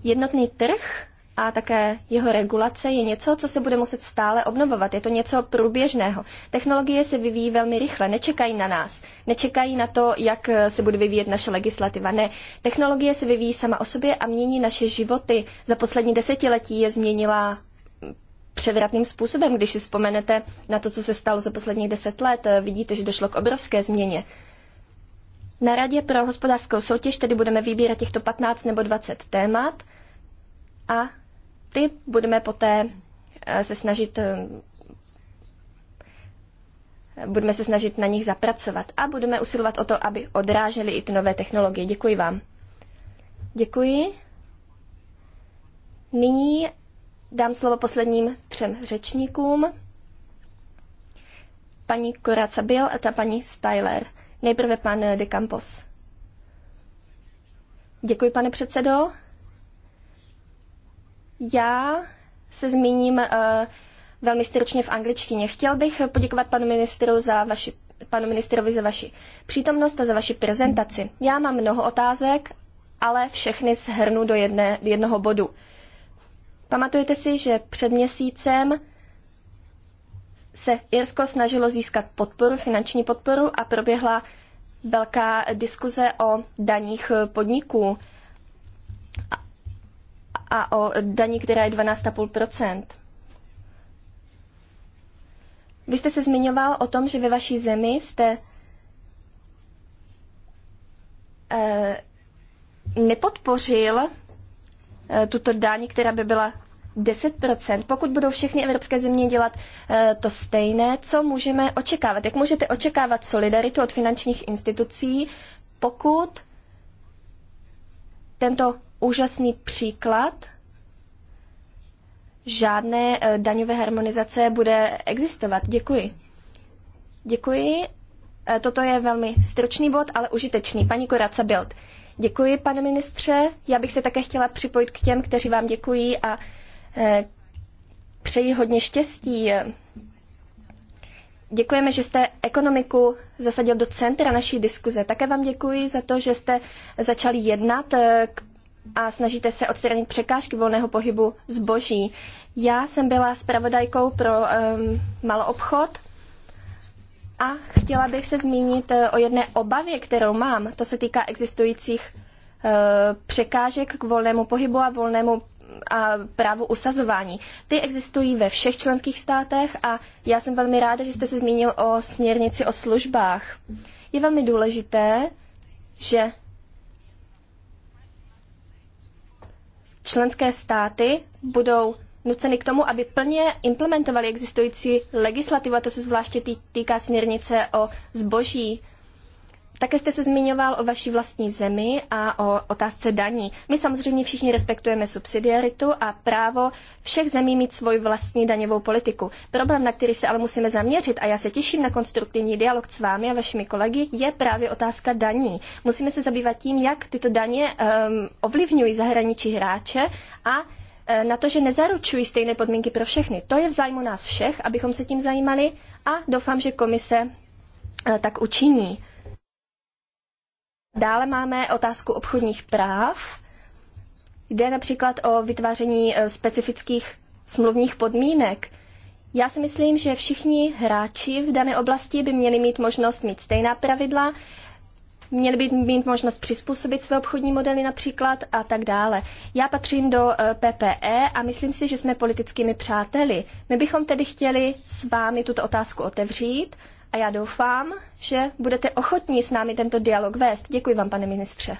Jednotný trh a také jeho regulace je něco, co se bude muset stále obnovovat. Je to něco průběžného. Technologie se vyvíjí velmi rychle, nečekají na nás, nečekají na to, jak se bude vyvíjet naše legislativa. Ne, technologie se vyvíjí sama o sobě a mění naše životy. Za poslední desetiletí je změnila převratným způsobem. Když si vzpomenete na to, co se stalo za posledních deset let, eh, vidíte, že došlo k obrovské změně. Na Radě pro hospodářskou soutěž tedy budeme vybírat těchto 15 nebo 20 témat a ty budeme poté eh, se snažit eh, budeme se snažit na nich zapracovat a budeme usilovat o to, aby odrážely i ty nové technologie. Děkuji vám. Děkuji. Nyní dám slovo posledním třem řečníkům. Paní Koraca Bill a ta paní Styler. Nejprve pan De Campos. Děkuji, pane předsedo. Já se zmíním uh, velmi stručně v angličtině. Chtěl bych poděkovat panu ministru za vaši panu ministrovi za vaši přítomnost a za vaši prezentaci. Já mám mnoho otázek, ale všechny shrnu do jedné, jednoho bodu. Pamatujete si, že před měsícem se Irsko snažilo získat podporu, finanční podporu a proběhla velká diskuze o daních podniků a o daní, která je 12,5 Vy jste se zmiňoval o tom, že ve vaší zemi jste eh, nepodpořil eh, tuto dání, která by byla 10%, pokud budou všechny evropské země dělat eh, to stejné, co můžeme očekávat? Jak můžete očekávat solidaritu od finančních institucí, pokud tento úžasný příklad žádné eh, daňové harmonizace bude existovat? Děkuji. Děkuji. Eh, toto je velmi stručný bod, ale užitečný. Paní Koraca Bild. Děkuji, pane ministře. Já bych se také chtěla připojit k těm, kteří vám děkují a Eh, přeji hodně štěstí. Děkujeme, že jste ekonomiku zasadil do centra naší diskuze. Také vám děkuji za to, že jste začali jednat eh, a snažíte se odstranit překážky volného pohybu zboží. Já jsem byla zpravodajkou pro um, maloobchod a chtěla bych se zmínit eh, o jedné obavě, kterou mám. To se týká existujících uh, překážek k volnému pohybu a volnému a právo usazování. Ty existují ve všech členských státech a já jsem velmi ráda, že jste se zmínil o směrnici o službách. Je velmi důležité, že členské státy budou nuceny k tomu, aby plně implementovali existující legislativu, a to se zvláště týká směrnice o zboží. Také jste se zmiňoval o vaší vlastní zemi a o otázce daní. My samozřejmě všichni respektujeme subsidiaritu a právo všech zemí mít svoji vlastní daňovou politiku. Problém, na který se ale musíme zaměřit, a já se těším na konstruktivní dialog s vámi a vašimi kolegy, je právě otázka daní. Musíme se zabývat tím, jak tyto daně um, ovlivňují zahraničí hráče a e, na to, že nezaručují stejné podmínky pro všechny. To je v zájmu nás všech, abychom se tím zajímali a doufám, že komise e, tak učiní. Dále máme otázku obchodních práv. Jde například o vytváření e, specifických smluvních podmínek. Já si myslím, že všichni hráči v dané oblasti by měli mít možnost mít stejná pravidla, měli by mít možnost přizpůsobit své obchodní modely například a tak dále. Já patřím do PPE e a myslím si, že jsme politickými přáteli. My bychom tedy chtěli s vámi tuto otázku otevřít a já doufám, že budete ochotní s námi tento dialog vést. Děkuji vám, pane ministře.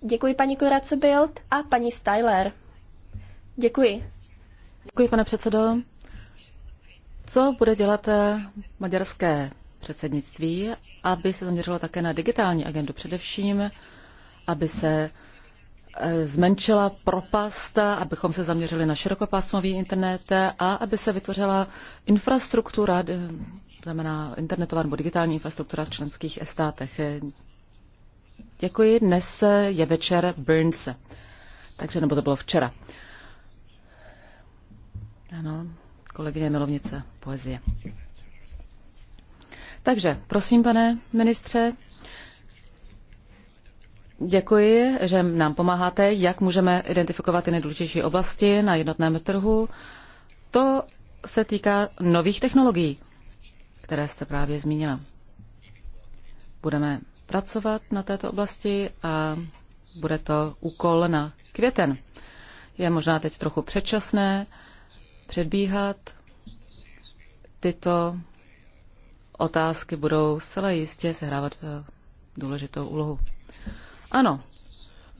Děkuji paní Koracobild a paní Styler. Děkuji. Děkuji, pane předsedo. Co bude dělat eh, maďarské předsednictví, aby se zaměřilo také na digitální agendu především, aby se eh, zmenšila propast, abychom se zaměřili na širokopásmový internet a aby se vytvořila infrastruktura znamená internetová nebo digitální infrastruktura v členských státech. Děkuji, dnes je večer burns. takže nebo to bylo včera. Ano, kolegyně Milovnice, poezie. Takže, prosím, pane ministře, děkuji, že nám pomáháte, jak můžeme identifikovat ty nejdůležitější oblasti na jednotném trhu. To se týká nových technologií které jste právě zmínila. Budeme pracovat na této oblasti a bude to úkol na květen. Je možná teď trochu předčasné předbíhat. Tyto otázky budou zcela jistě sehrávat eh, důležitou úlohu. Ano,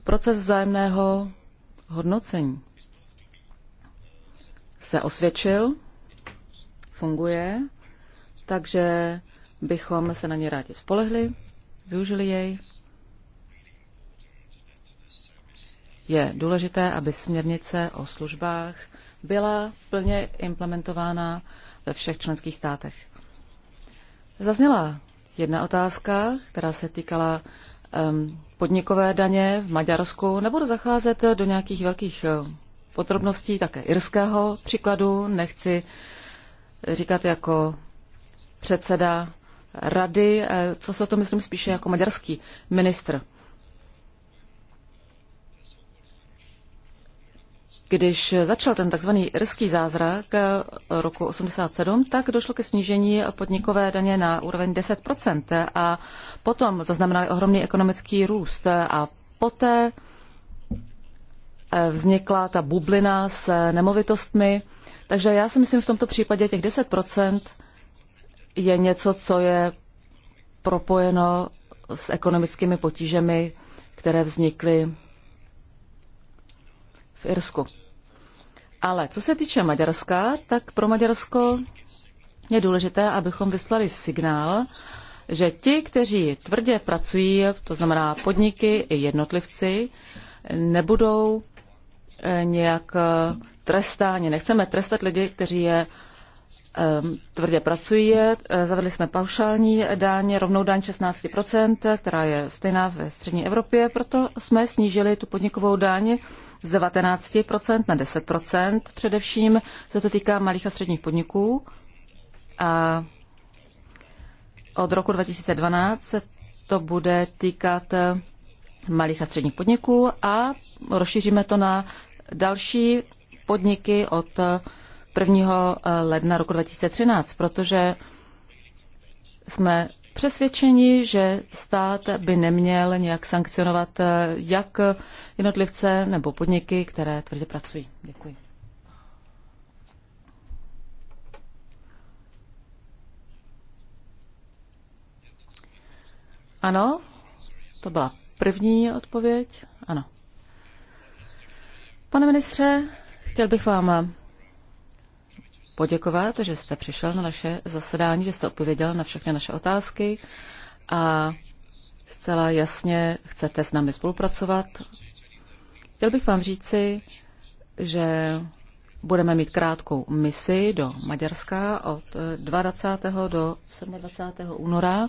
proces vzájemného hodnocení se osvědčil, funguje takže bychom se na ně rádi spolehli, využili jej. Je důležité, aby směrnice o službách byla plně implementována ve všech členských státech. Zazněla jedna otázka, která se týkala um, podnikové daně v Maďarsku. Nebudu zacházet do nějakých velkých eh, podrobností, také irského příkladu. Nechci říkat, jako předseda rady, eh, co se o to myslím spíše jako maďarský ministr. Když začal ten takzvaný irský zázrak eh, roku 87, tak došlo ke snížení podnikové daně na úroveň 10% a potom zaznamenali ohromný ekonomický růst a poté eh, vznikla ta bublina s nemovitostmi. Takže já si myslím, v tomto případě těch 10 je něco, co je propojeno s ekonomickými potížemi, které vznikly v Irsku. Ale co se týče Maďarska, tak pro Maďarsko je důležité, abychom vyslali signál, že ti, kteří tvrdě pracují, to znamená podniky i jednotlivci, nebudou eh, nějak eh, trestáni. Nechceme trestat lidi, kteří je Ehm, tvrdě pracují. Eh, zavedli jsme paušální daň, rovnou daň 16%, která je stejná ve střední Evropě, proto jsme snížili tu podnikovou daň z 19% na 10%. Především se to týká malých a středních podniků. A od roku 2012 se to bude týkat eh, malých a středních podniků a rozšíříme to na další podniky od eh, 1. Eh, ledna roku 2013, protože jsme přesvědčeni, že stát by neměl nějak sankcionovat eh, jak jednotlivce nebo podniky, které tvrdě pracují. Děkuji. Ano, to byla první odpověď. Ano. Pane ministře, chtěl bych vám poděkovat, že jste přišel na naše zasedání, že jste odpověděl na všechny naše otázky a zcela jasně chcete s námi spolupracovat. Chtěl bych vám říci, že budeme mít krátkou misi do Maďarska od 22. do 27. února,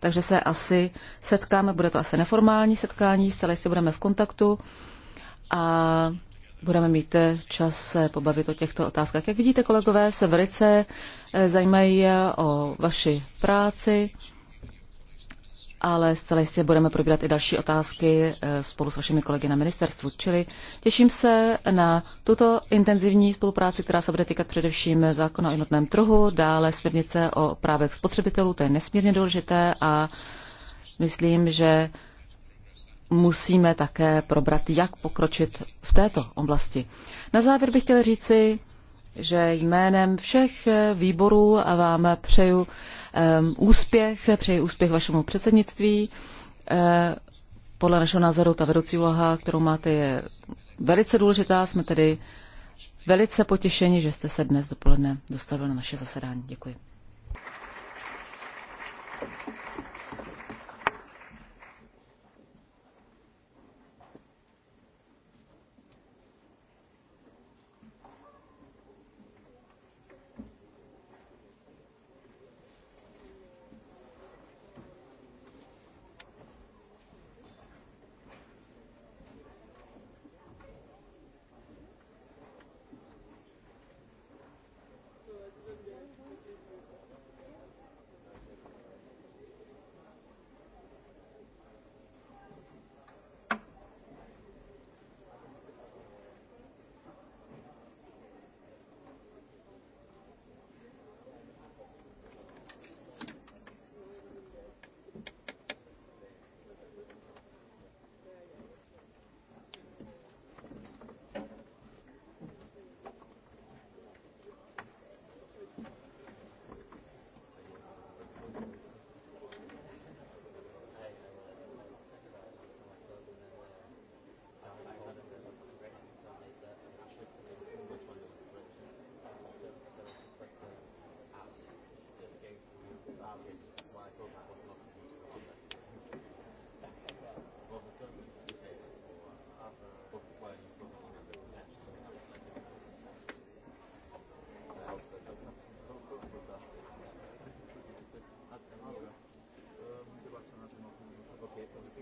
takže se asi setkáme, bude to asi neformální setkání, zcela jistě budeme v kontaktu a budeme mít eh, čas se pobavit o těchto otázkách. Jak vidíte, kolegové se velice eh, zajímají eh, o vaši práci, ale zcela jistě budeme probírat i další otázky spolu s vašimi kolegy na ministerstvu. Čili těším se na tuto intenzivní spolupráci, která se bude týkat především zákona o jednotném trhu, dále směrnice o právech spotřebitelů, to je nesmírně důležité a myslím, že musíme také probrat, jak pokročit v této oblasti. Na závěr bych chtěl říci, že jménem všech výborů vám přeju um, úspěch, přeji úspěch vašemu předsednictví. E, podle našeho názoru ta vedoucí úloha, kterou máte, je velice důležitá. Jsme tedy velice potěšeni, že jste se dnes dopoledne dostavil na naše zasedání. Děkuji.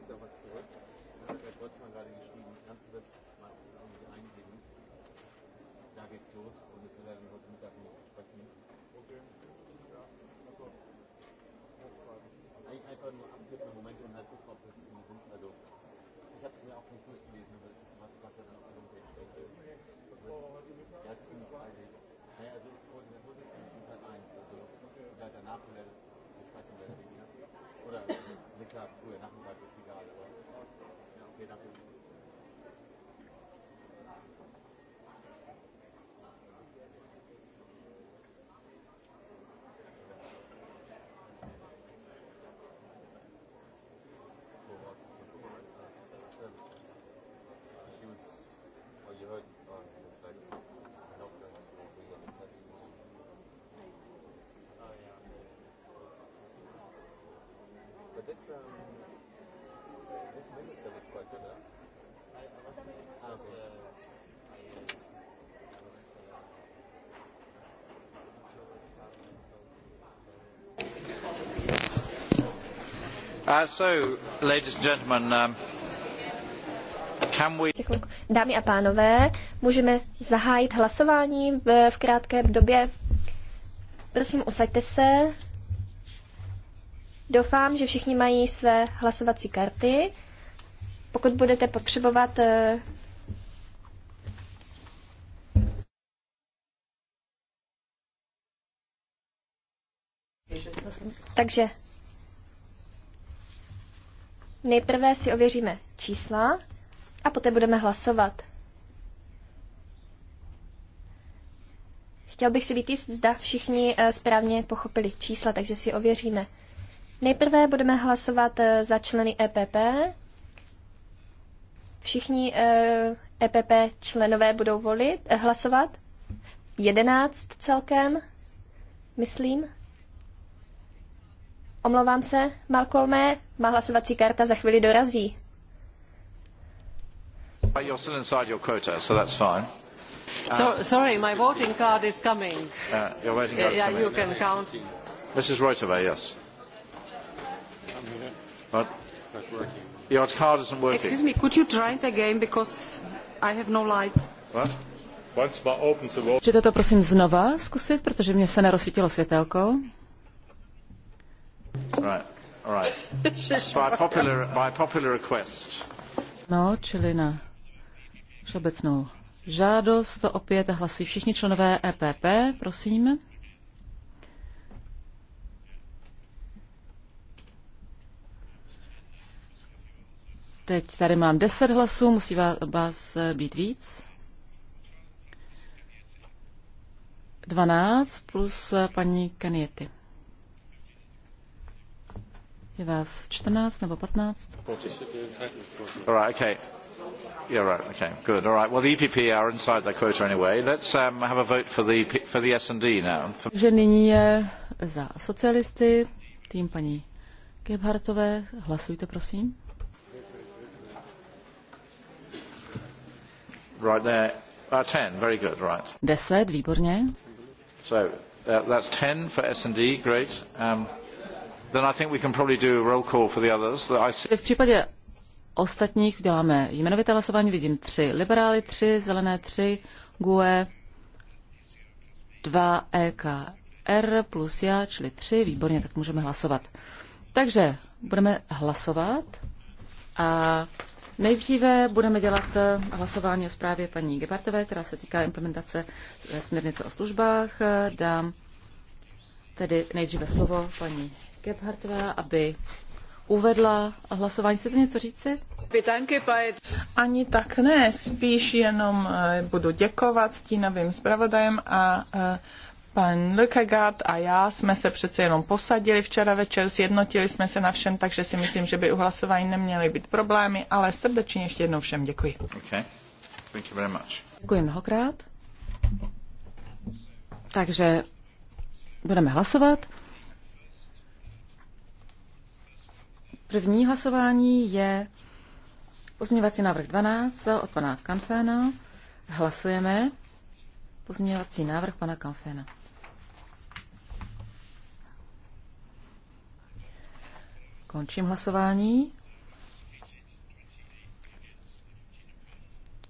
kriegst du auch was zurück. Das hat der Kreuzmann gerade geschrieben. Kannst du das mal irgendwie eingeben? Da geht's los und das will er dann heute Mittag noch besprechen. Okay. Ja, d'accord. Eigentlich einfach nur abtippen im Moment und um halt gucken, ob das irgendwie sind. Also, ich habe es mir auch nicht durchgelesen, aber das ist was, was er dann auf der Homepage stellt. Ja, es ist ziemlich freilich. Naja, also, der Vorsitzende ist halt eins. Also, und halt danach wenn er das besprechen, werde, er wegen Oder äh, Mittag, früher Nachmittag ist egal, aber. Ja, okay, danke. Uh, um, Dámy a pánové, můžeme zahájit hlasování v, v krátké době. Prosím, usaďte se. Doufám, že všichni mají své hlasovací karty. Pokud budete potřebovat eh, Takže Nejprve si ověříme čísla a poté budeme hlasovat. Chtěl bych si být jist, zda všichni eh, správně pochopili čísla, takže si ověříme. Nejprve budeme hlasovat eh, za členy EPP. Všichni EPP eh, e členové budou volit, hlasovat. 11 celkem, myslím. Omlouvám se, Malcolme, má hlasovací karta za chvíli dorazí. You're still inside your quota, so that's fine. Uh, sorry, my voting card is coming. Uh, your voting card is yeah, coming. you can count. Mrs. Reutova, yes. But your card isn't working. Excuse me, could you try it again because I have no light. What? Once, Můžete to prosím znova zkusit, protože mě se nerozsvítilo světelko. Right, right. By popular, by popular request. No, čili na všeobecnou žádost. To opět hlasují všichni členové EPP, prosím. Teď tady mám 10 hlasů, musí vás, vás být víc. 12 plus paní Kaniety. Je vás 14 nebo 15? right, okay. Yeah, right. Okay, good. All right. Well, the EPP are inside their quota anyway. Let's um, have a vote for the for the S&D now. Že nyní je za socialisty tým paní Gebhartové. Hlasujte, prosím. Right there. Uh, ten. very good, right. Deset, výborně. So, uh, that's ten for S&D, great. Um, then I think we can probably do a roll call for the others. That I see. V případě ostatních děláme jmenovité hlasování, vidím tři liberály, tři zelené, tři GUE, dva EKR plus já, čili tři, výborně, tak můžeme hlasovat. Takže budeme hlasovat a Nejdříve budeme dělat eh, hlasování o zprávě paní Gebartové, která se týká implementace eh, směrnice o službách. Eh, Dám tedy nejdříve slovo paní Gebhardtová, aby uvedla hlasování. Chcete něco říci? Ani tak ne, spíš jenom eh, budu děkovat stínovým zpravodajem a eh, Pan Lukagard a já jsme se přece jenom posadili včera večer, sjednotili jsme se na všem, takže si myslím, že by u hlasování neměly být problémy, ale srdečně ještě jednou všem děkuji. Okay. Thank you very much. Děkuji mnohokrát. Takže budeme hlasovat. První hlasování je pozměňovací návrh 12 od pana Kanféna. Hlasujeme. Pozměňovací návrh pana Kanféna. Končím hlasování.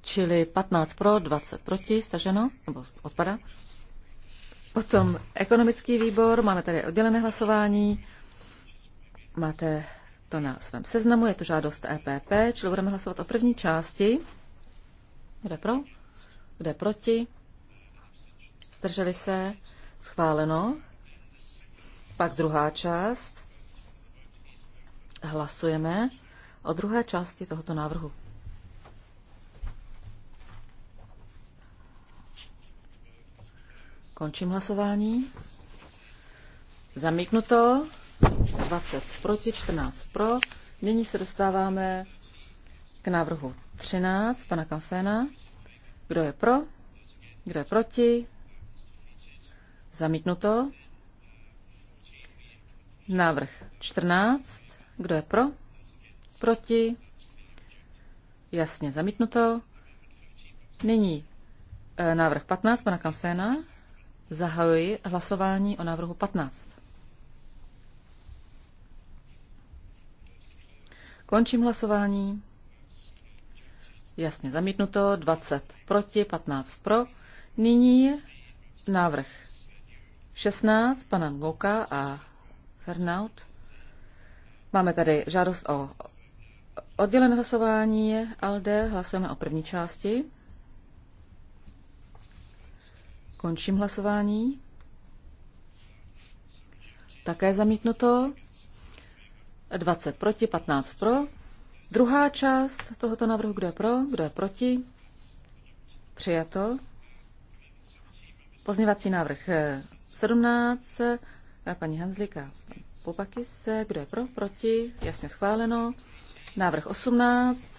Čili 15 pro, 20 proti, staženo, nebo odpada. Potom ekonomický výbor, máme tady oddělené hlasování. Máte to na svém seznamu, je to žádost EPP, čili budeme hlasovat o první části. Kde pro? Kde proti? Zdrželi se? Schváleno. Pak druhá část. Hlasujeme o druhé části tohoto návrhu. Končím hlasování. Zamítnuto. 20 proti, 14 pro. Nyní se dostáváme k návrhu 13 pana Kamféna. Kdo je pro? Kdo je proti? Zamítnuto. Návrh 14. Kdo je pro? Proti? Jasně zamítnuto. Nyní eh, návrh 15 pana Kamféna. Zahajuji hlasování o návrhu 15. Končím hlasování. Jasně zamítnuto, 20 proti, 15 pro. Nyní návrh 16 pana Ngoka a Fernaut. Máme tady žádost o oddělené hlasování ALDE. Hlasujeme o první části. Končím hlasování. Také zamítnuto. 20 proti, 15 pro. Druhá část tohoto návrhu, kdo je pro, kdo je proti. Přijato. Pozněvací návrh 17, eh, eh, paní Hanzlika, pan Popakis, eh, kdo je pro, proti, jasně schváleno. Návrh 18,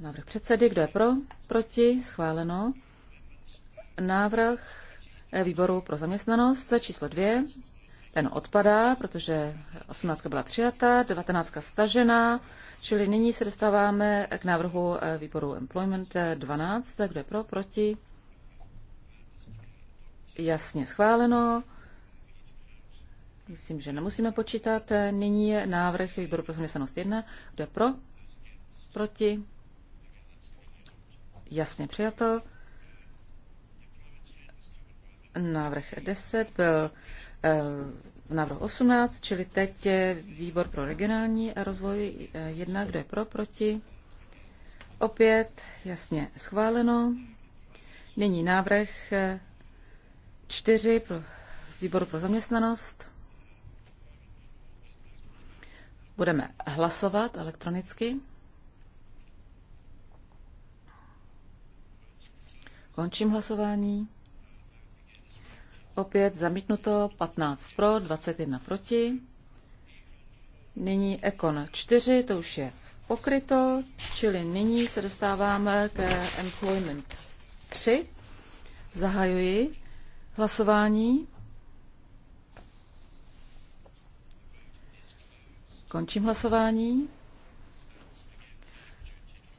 návrh předsedy, kdo je pro, proti, schváleno. Návrh výboru pro zaměstnanost číslo 2, ten odpadá, protože 18 byla přijata, 19 stažená, čili nyní se dostáváme k návrhu eh, výboru Employment 12, eh, je pro, proti, jasně schváleno. Myslím, že nemusíme počítat. Eh, nyní je návrh výboru pro zaměstnanost 1, je pro, proti, jasně přijato. Návrh 10 byl Eh, návrh 18, čili teď je výbor pro regionální rozvoj eh, jedna, kdo je pro, proti. Opět jasně schváleno. Nyní návrh 4 eh, pro výboru pro zaměstnanost. Budeme hlasovat elektronicky. Končím hlasování. Opět zamítnuto 15 pro, 21 proti. Nyní econ 4, to už je pokryto, čili nyní se dostáváme ke Employment 3. Zahajuji hlasování. Končím hlasování.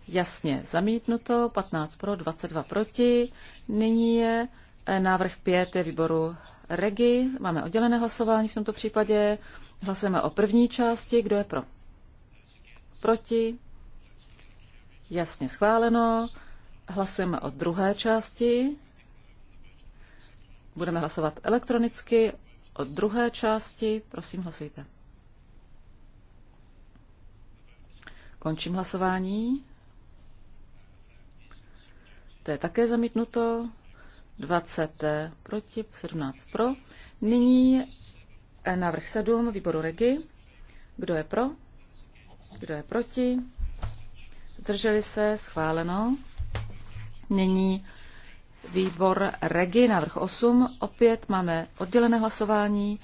Jasně, zamítnuto, 15 pro, 22 proti. Nyní je Návrh 5 je výboru Regi. Máme oddělené hlasování v tomto případě. Hlasujeme o první části. Kdo je pro? Proti? Jasně schváleno. Hlasujeme o druhé části. Budeme hlasovat elektronicky o druhé části. Prosím, hlasujte. Končím hlasování. To je také zamítnuto. 20 eh, proti, 17 pro. Nyní eh, návrh 7 výboru Regi. Kdo je pro? Kdo je proti? Zdrželi se? Schváleno. Nyní výbor Regi, návrh 8. Opět máme oddělené hlasování.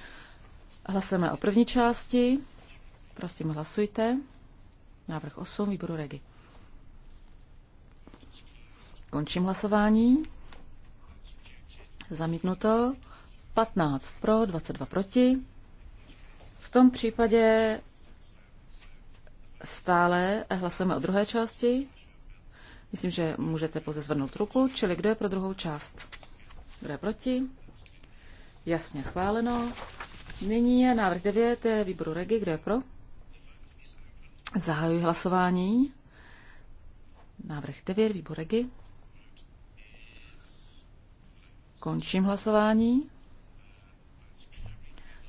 Hlasujeme o první části. Prosím, hlasujte. Návrh 8 výboru Regi. Končím hlasování. Zamítnuto. 15 pro, 22 proti. V tom případě stále hlasujeme o druhé části. Myslím, že můžete pouze zvednout ruku, čili kdo je pro druhou část? Kdo je proti? Jasně schváleno. Nyní je návrh 9 je výboru Regi. Kdo je pro? Zahajuji hlasování. Návrh 9, výbor Regi. Končím hlasování.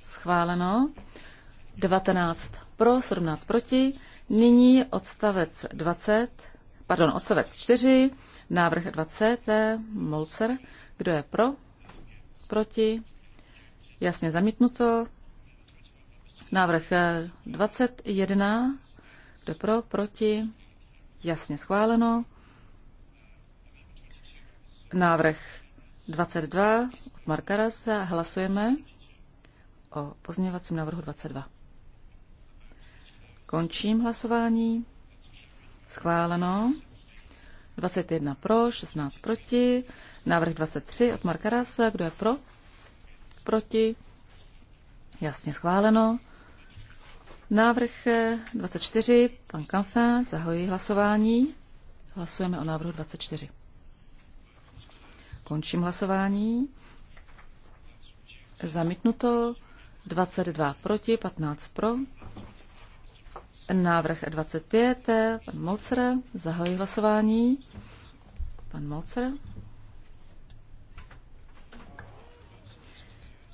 Schváleno. 19 pro, 17 proti. Nyní odstavec 20, pardon, odstavec 4, návrh 20, Molcer. Kdo je pro? Proti? Jasně zamítnuto. Návrh 21, kdo je pro? Proti? Jasně schváleno. Návrh 22 od Marka Rasa. Hlasujeme o pozměňovacím návrhu 22. Končím hlasování. Schváleno. 21 pro, 16 proti. Návrh 23 od Marka Rasa. Kdo je pro? Proti. Jasně schváleno. Návrh 24, pan Kamfen, zahojí hlasování. Hlasujeme o návrhu 24. Končím hlasování. Zamítnuto 22 proti, 15 pro. Návrh 25, pan Mocer, zahajuji hlasování. Pan Mocer.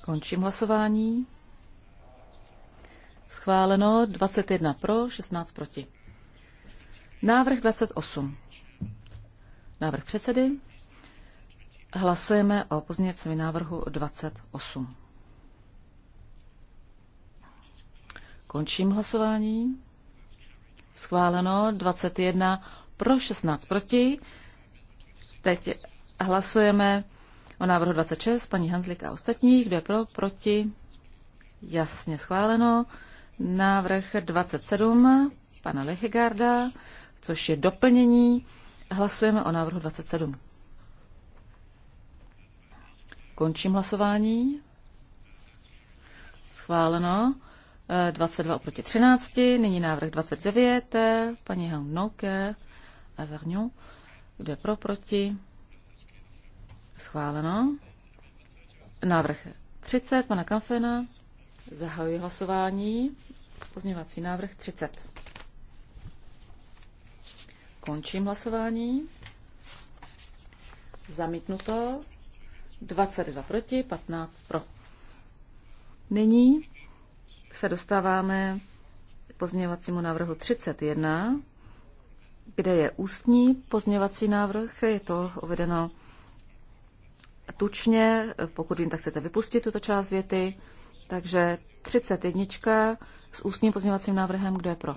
Končím hlasování. Schváleno 21 pro, 16 proti. Návrh 28. Návrh předsedy. Hlasujeme o pozměňovacím návrhu 28. Končím hlasování. Schváleno 21 pro 16 proti. Teď hlasujeme o návrhu 26, paní Hanzlik a ostatních. Kdo je pro, proti? Jasně schváleno. Návrh 27, pana Lechegarda, což je doplnění. Hlasujeme o návrhu 27. Končím hlasování. Schváleno. 22 oproti 13. Nyní návrh 29. Eh, paní Hangnoke a Verňu. kde pro, proti? Schváleno. Návrh 30 pana Kamfena. Zahajuji hlasování. Pozměňovací návrh 30. Končím hlasování. Zamítnuto. 22 proti, 15 pro. Nyní se dostáváme k pozměňovacímu návrhu 31, kde je ústní pozměňovací návrh. Je to uvedeno tučně, pokud jim tak chcete vypustit tuto část věty. Takže 31 s ústním pozměňovacím návrhem, kdo je pro?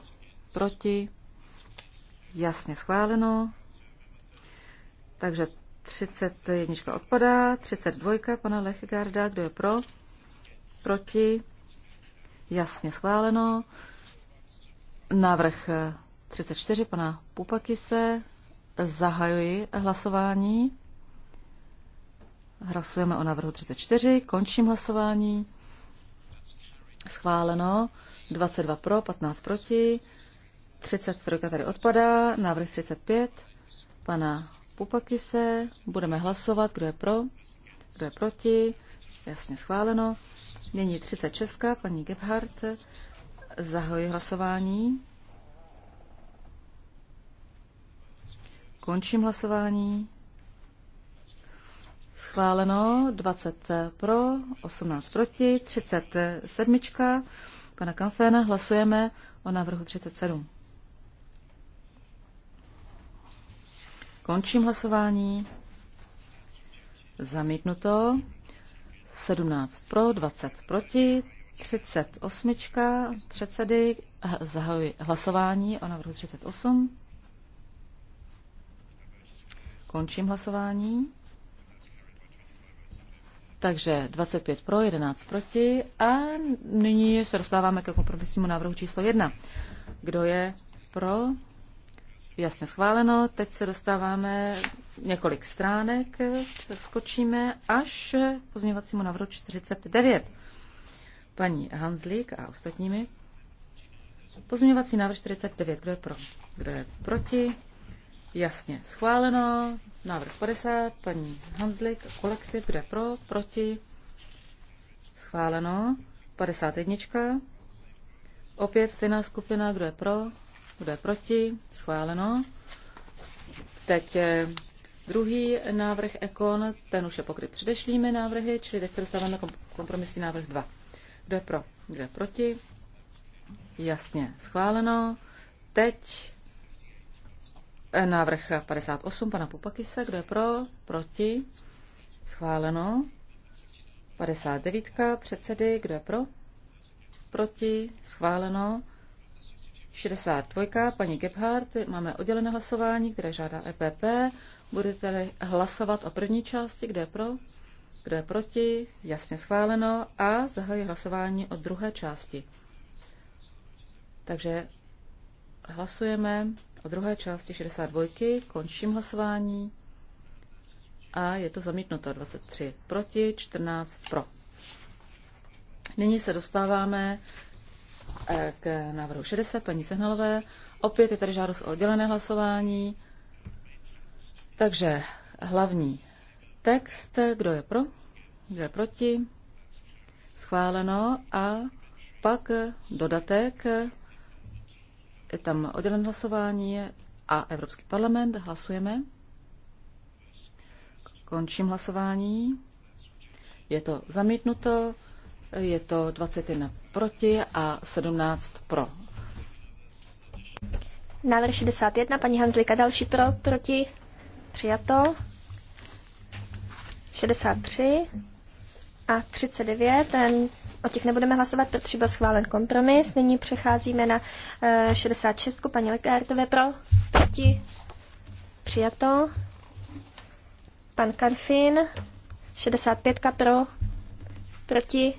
Proti? Jasně schváleno. Takže 31 odpadá, 32 pana Lechegarda, kdo je pro, proti, jasně schváleno. Návrh 34 pana Pupakise, zahajuji hlasování. Hlasujeme o návrhu 34, končím hlasování. Schváleno, 22 pro, 15 proti, 33 tady odpadá, návrh 35 pana Pupaky se budeme hlasovat, kdo je pro, kdo je proti, jasně schváleno. Nyní 36, paní Gebhardt, zahoji hlasování. Končím hlasování. Schváleno 20 pro, 18 proti, 37. Pana Kamféna hlasujeme o návrhu 37. Končím hlasování. Zamítnuto. 17 pro, 20 proti, 38. předsedy. Eh, zahajuji hlasování o návrhu 38. Končím hlasování. Takže 25 pro, 11 proti a nyní se dostáváme ke kompromisnímu návrhu číslo 1. Kdo je pro? Jasně schváleno. Teď se dostáváme několik stránek, skočíme až pozměňovacímu návrhu 49. Paní Hanzlík a ostatními. Pozměňovací návrh 49. Kdo je pro? Kdo je proti? Jasně schváleno. Návrh 50. Paní Hanzlik, kolektiv. Kdo je pro? Proti? Schváleno. 51. Opět stejná skupina. Kdo je pro? Kdo je proti? Schváleno. Teď eh, druhý návrh Ekon, ten už je pokryt předešlými návrhy, čili teď se dostáváme kompromisní návrh 2. Kdo je pro? Kdo je proti? Jasně, schváleno. Teď eh, návrh 58 pana Pupakise. Kdo je pro? Proti? Schváleno. 59 předsedy. Kdo je pro? Proti? Schváleno. 62, paní Gebhardt, máme oddělené hlasování, které žádá EPP. Budete hlasovat o první části, kde je pro, kde je proti, jasně schváleno, a zahají hlasování o druhé části. Takže hlasujeme o druhé části 62, končím hlasování a je to zamítnuto 23 proti, 14 pro. Nyní se dostáváme k návrhu 60 paní Sehnalové. Opět je tady žádost o oddělené hlasování. Takže hlavní text, kdo je pro, kdo je proti, schváleno a pak dodatek, je tam oddělené hlasování a Evropský parlament, hlasujeme. Končím hlasování. Je to zamítnuto. Je to 21 proti a 17 pro. Návrh 61, paní Hanzlika, další pro, proti, přijato. 63 a 39, ten, o těch nebudeme hlasovat, protože byl schválen kompromis. Nyní přecházíme na e, eh, 66, paní Lekártové pro, proti, přijato. Pan Karfin, 65 pro, proti,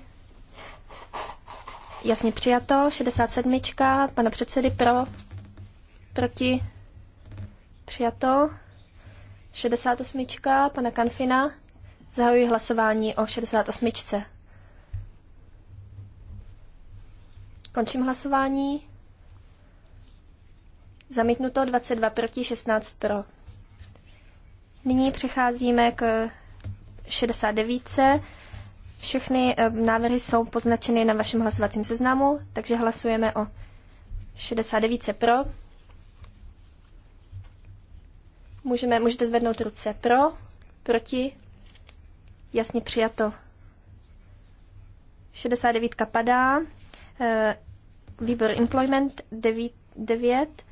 Jasně přijato. 67. Pana předsedy pro. Proti. Přijato. 68. Pana Kanfina. Zahajuji hlasování o 68. Končím hlasování. Zamítnuto 22 proti 16 pro. Nyní přecházíme k 69. Všechny eh, návrhy jsou poznačeny na vašem hlasovacím seznamu, takže hlasujeme o 69 pro. Můžeme, můžete zvednout ruce pro, proti, jasně přijato. 69 padá, eh, výbor employment 9, 9.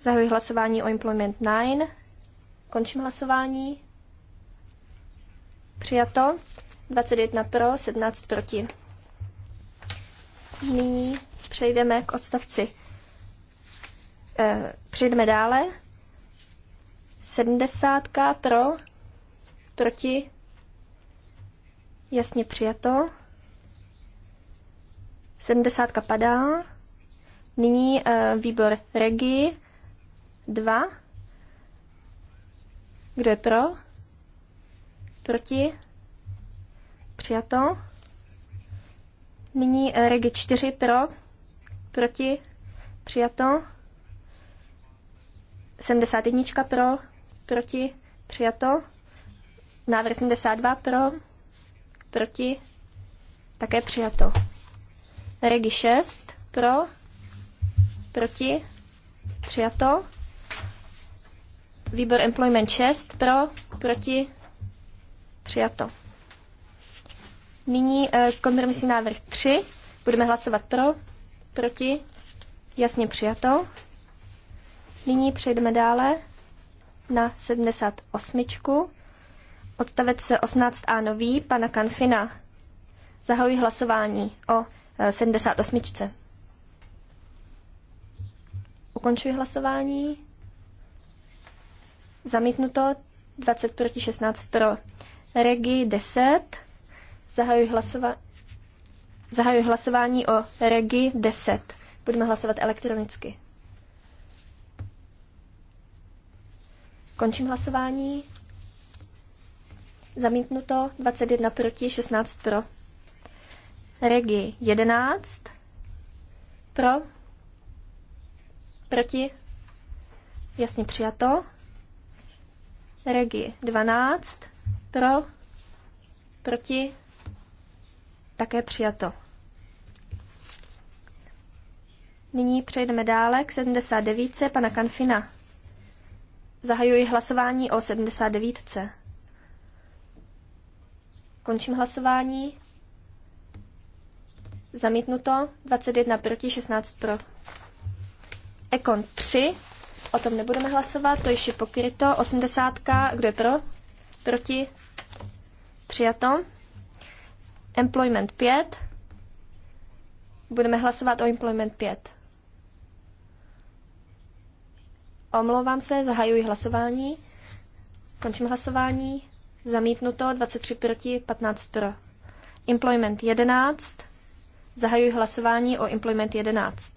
zahajuji hlasování o employment 9, končím hlasování, Přijato. 21 pro, 17 proti. Nyní přejdeme k odstavci. E, přejdeme dále. 70 pro, proti. Jasně přijato. 70 padá. Nyní e, výbor Regi 2. Kdo je pro? Proti? Přijato. Nyní eh, regi 4 pro. Proti? Přijato. 71 pro. Proti? Přijato. Návrh 72 pro. Proti? Také přijato. Regi 6 pro. Proti? Přijato. Výbor Employment 6 pro, proti, Přijato. Nyní eh, kompromisní návrh 3. Budeme hlasovat pro, proti, jasně přijato. Nyní přejdeme dále na 78. Odstavec 18a nový pana Kanfina. Zahajuji hlasování o 78. Eh, Ukončuji hlasování. Zamítnuto 20 proti 16 pro. Regi 10. Zahajuji, hlasova- Zahajuji hlasování o Regi 10. Budeme hlasovat elektronicky. Končím hlasování. Zamítnuto 21 proti, 16 pro. Regi 11 pro, proti, jasně přijato. Regi 12 pro? Proti? Také přijato. Nyní přejdeme dále k 79. pana Kanfina. Zahajuji hlasování o 79. Končím hlasování. Zamítnuto 21 proti 16 pro. Ekon 3. O tom nebudeme hlasovat, to již je pokryto. 80. Kdo je pro? Proti? Přijato. Employment 5. Budeme hlasovat o Employment 5. Omlouvám se, zahajuji hlasování. Končím hlasování. Zamítnuto 23 proti 15 pro. Employment 11. Zahajuji hlasování o Employment 11.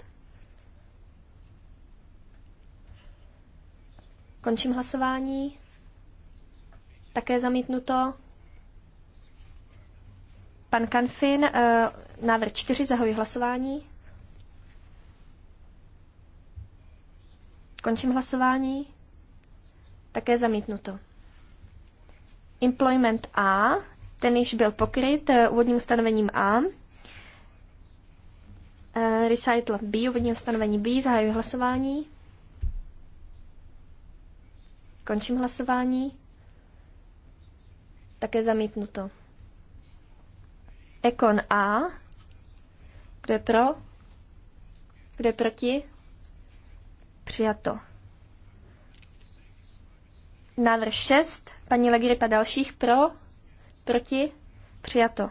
Končím hlasování také zamítnuto. Pan Kanfin, eh, návrh 4, zahoji hlasování. Končím hlasování. Také zamítnuto. Employment A, ten již byl pokryt eh, úvodním stanovením A. Eh, recital B, úvodní stanovení B, zahajuji hlasování. Končím hlasování. Také zamítnuto. Ekon A. Kdo je pro? Kdo je proti? Přijato. Návrh 6. Paní Legripa dalších pro? Proti? Přijato.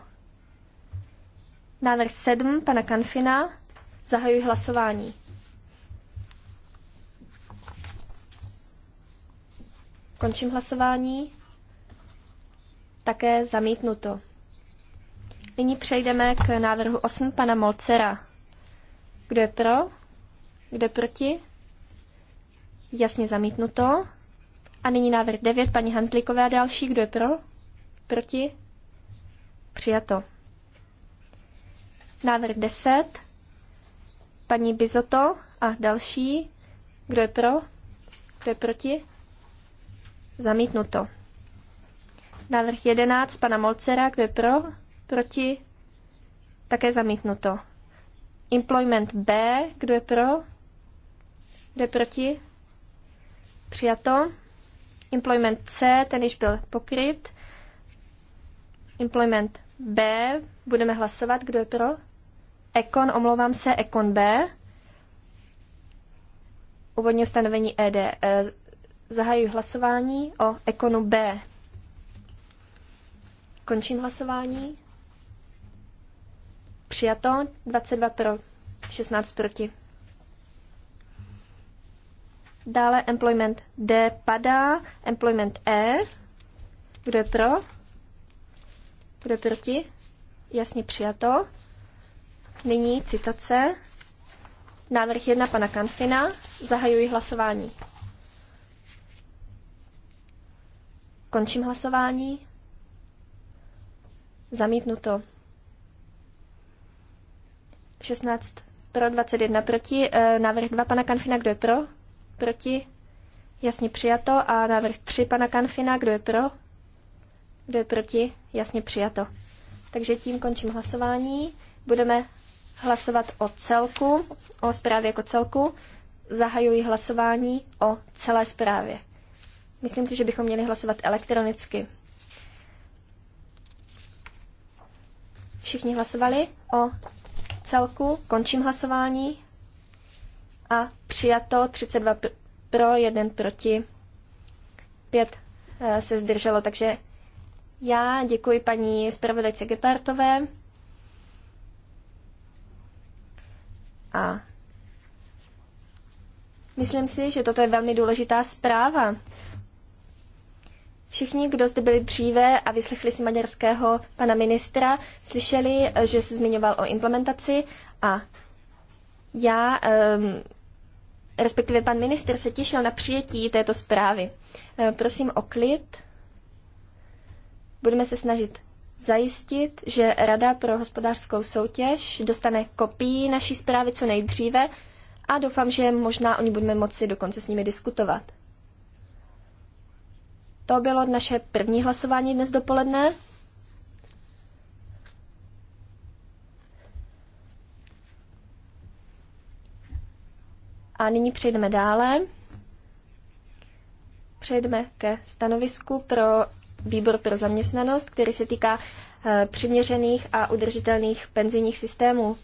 Návrh 7. Pana Kanfina. Zahajuji hlasování. Končím hlasování také zamítnuto. Nyní přejdeme k návrhu 8 pana Molcera. Kdo je pro? Kdo je proti? Jasně zamítnuto. A nyní návrh 9 paní Hanzlikové a další. Kdo je pro? Proti? Přijato. Návrh 10 paní Bizoto a další. Kdo je pro? Kdo je proti? Zamítnuto. Návrh 11 pana Molcera, kdo je pro? Proti? Také zamítnuto. Employment B, kdo je pro? Kdo je proti? Přijato. Employment C, ten již byl pokryt. Employment B, budeme hlasovat, kdo je pro? Econ, omlouvám se, econ B. Uvodní stanovení ED. E. Zahajuji hlasování o Ekonu B. Končím hlasování. Přijato 22 pro, 16 proti. Dále employment D padá, employment E. Kdo je pro? Kdo je proti? Jasně přijato. Nyní citace. Návrh 1 pana Kanfina. Zahajuji hlasování. Končím hlasování. Zamítnuto. 16 pro, 21 proti. E, návrh 2 pana Kanfina, kdo je pro? Proti? Jasně přijato. A návrh 3 pana Kanfina, kdo je pro? Kdo je proti? Jasně přijato. Takže tím končím hlasování. Budeme hlasovat o celku, o zprávě jako celku. Zahajuji hlasování o celé zprávě. Myslím si, že bychom měli hlasovat elektronicky. Všichni hlasovali o celku. Končím hlasování. A přijato 32 pro, 1 proti, 5 eh, se zdrželo. Takže já děkuji paní zpravodajce Gepartové. A myslím si, že toto je velmi důležitá zpráva. Všichni, kdo zde byli dříve a vyslechli si maďarského pana ministra, slyšeli, že se zmiňoval o implementaci a já, ehm, respektive pan minister, se těšil na přijetí této zprávy. Eh, prosím o klid. Budeme se snažit zajistit, že Rada pro hospodářskou soutěž dostane kopii naší zprávy co nejdříve a doufám, že možná o ní budeme moci dokonce s nimi diskutovat. To bylo naše první hlasování dnes dopoledne. A nyní přejdeme dále. Přejdeme ke stanovisku pro výbor pro zaměstnanost, který se týká eh, přiměřených a udržitelných penzijních systémů.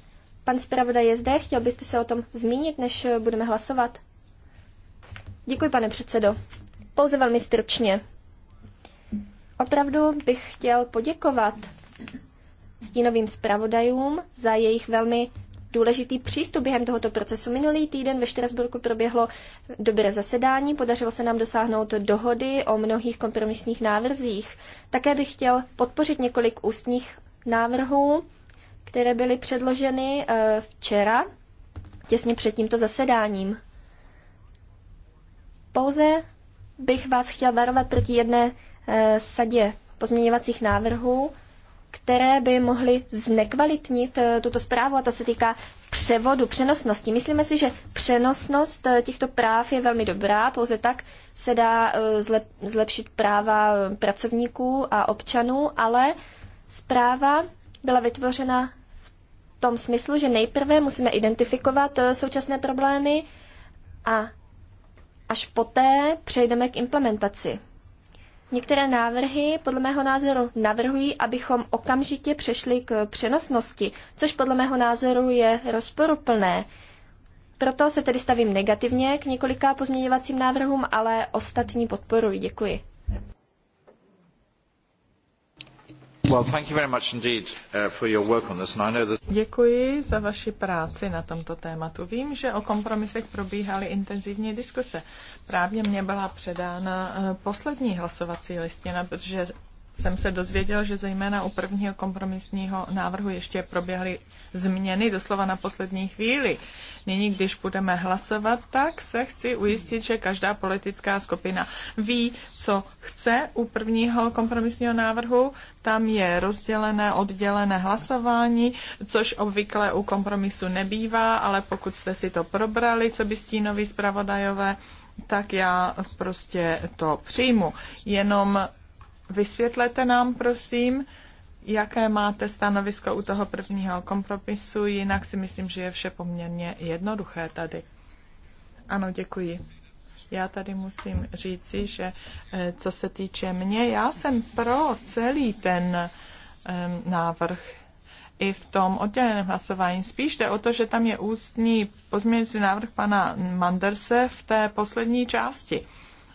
Pan zpravodaj je zde, chtěl byste se o tom zmínit, než eh, budeme hlasovat? Děkuji, pane předsedo. Pouze velmi stručně. Opravdu bych chtěl poděkovat stínovým zpravodajům za jejich velmi důležitý přístup během tohoto procesu. Minulý týden ve Štrasburku proběhlo dobré zasedání, podařilo se nám dosáhnout dohody o mnohých kompromisních návrzích. Také bych chtěl podpořit několik ústních návrhů, které byly předloženy eh, včera, těsně před tímto zasedáním. Pouze bych vás chtěl varovat proti jedné Eh, sadě pozměňovacích návrhů, které by mohly znekvalitnit eh, tuto zprávu a to se týká převodu, přenosnosti. Myslíme si, že přenosnost eh, těchto práv je velmi dobrá, pouze tak se dá zlepšit práva pracovníků a občanů, ale zpráva byla vytvořena v tom smyslu, že nejprve musíme identifikovat současné problémy a až poté přejdeme k implementaci. Některé návrhy podle mého názoru navrhují, abychom okamžitě přešli k přenosnosti, což podle mého názoru je rozporuplné. Proto se tedy stavím negativně k několika pozměňovacím návrhům, ale ostatní podporuji. Děkuji. Děkuji za vaši práci na tomto tématu. Vím, že o kompromisech probíhaly intenzivní diskuse. Právě mě byla předána uh, poslední hlasovací listina, protože jsem se dozvěděl, že zejména u prvního kompromisního návrhu ještě proběhly změny doslova na poslední chvíli. Nyní, když budeme hlasovat, tak se chci ujistit, že každá politická skupina ví, co chce u prvního kompromisního návrhu. Tam je rozdělené, oddělené hlasování, což obvykle u kompromisu nebývá, ale pokud jste si to probrali, co by stínoví zpravodajové, tak já prostě to přijmu. Jenom vysvětlete nám, prosím, Jaké máte stanovisko u toho prvního kompromisu? Jinak si myslím, že je vše poměrně jednoduché tady. Ano, děkuji. Já tady musím říci, že eh, co se týče mě, já jsem pro celý ten um, návrh i v tom odděleném hlasování. Spíš jde o to, že tam je ústní pozměňující návrh pana Manderse v té poslední části.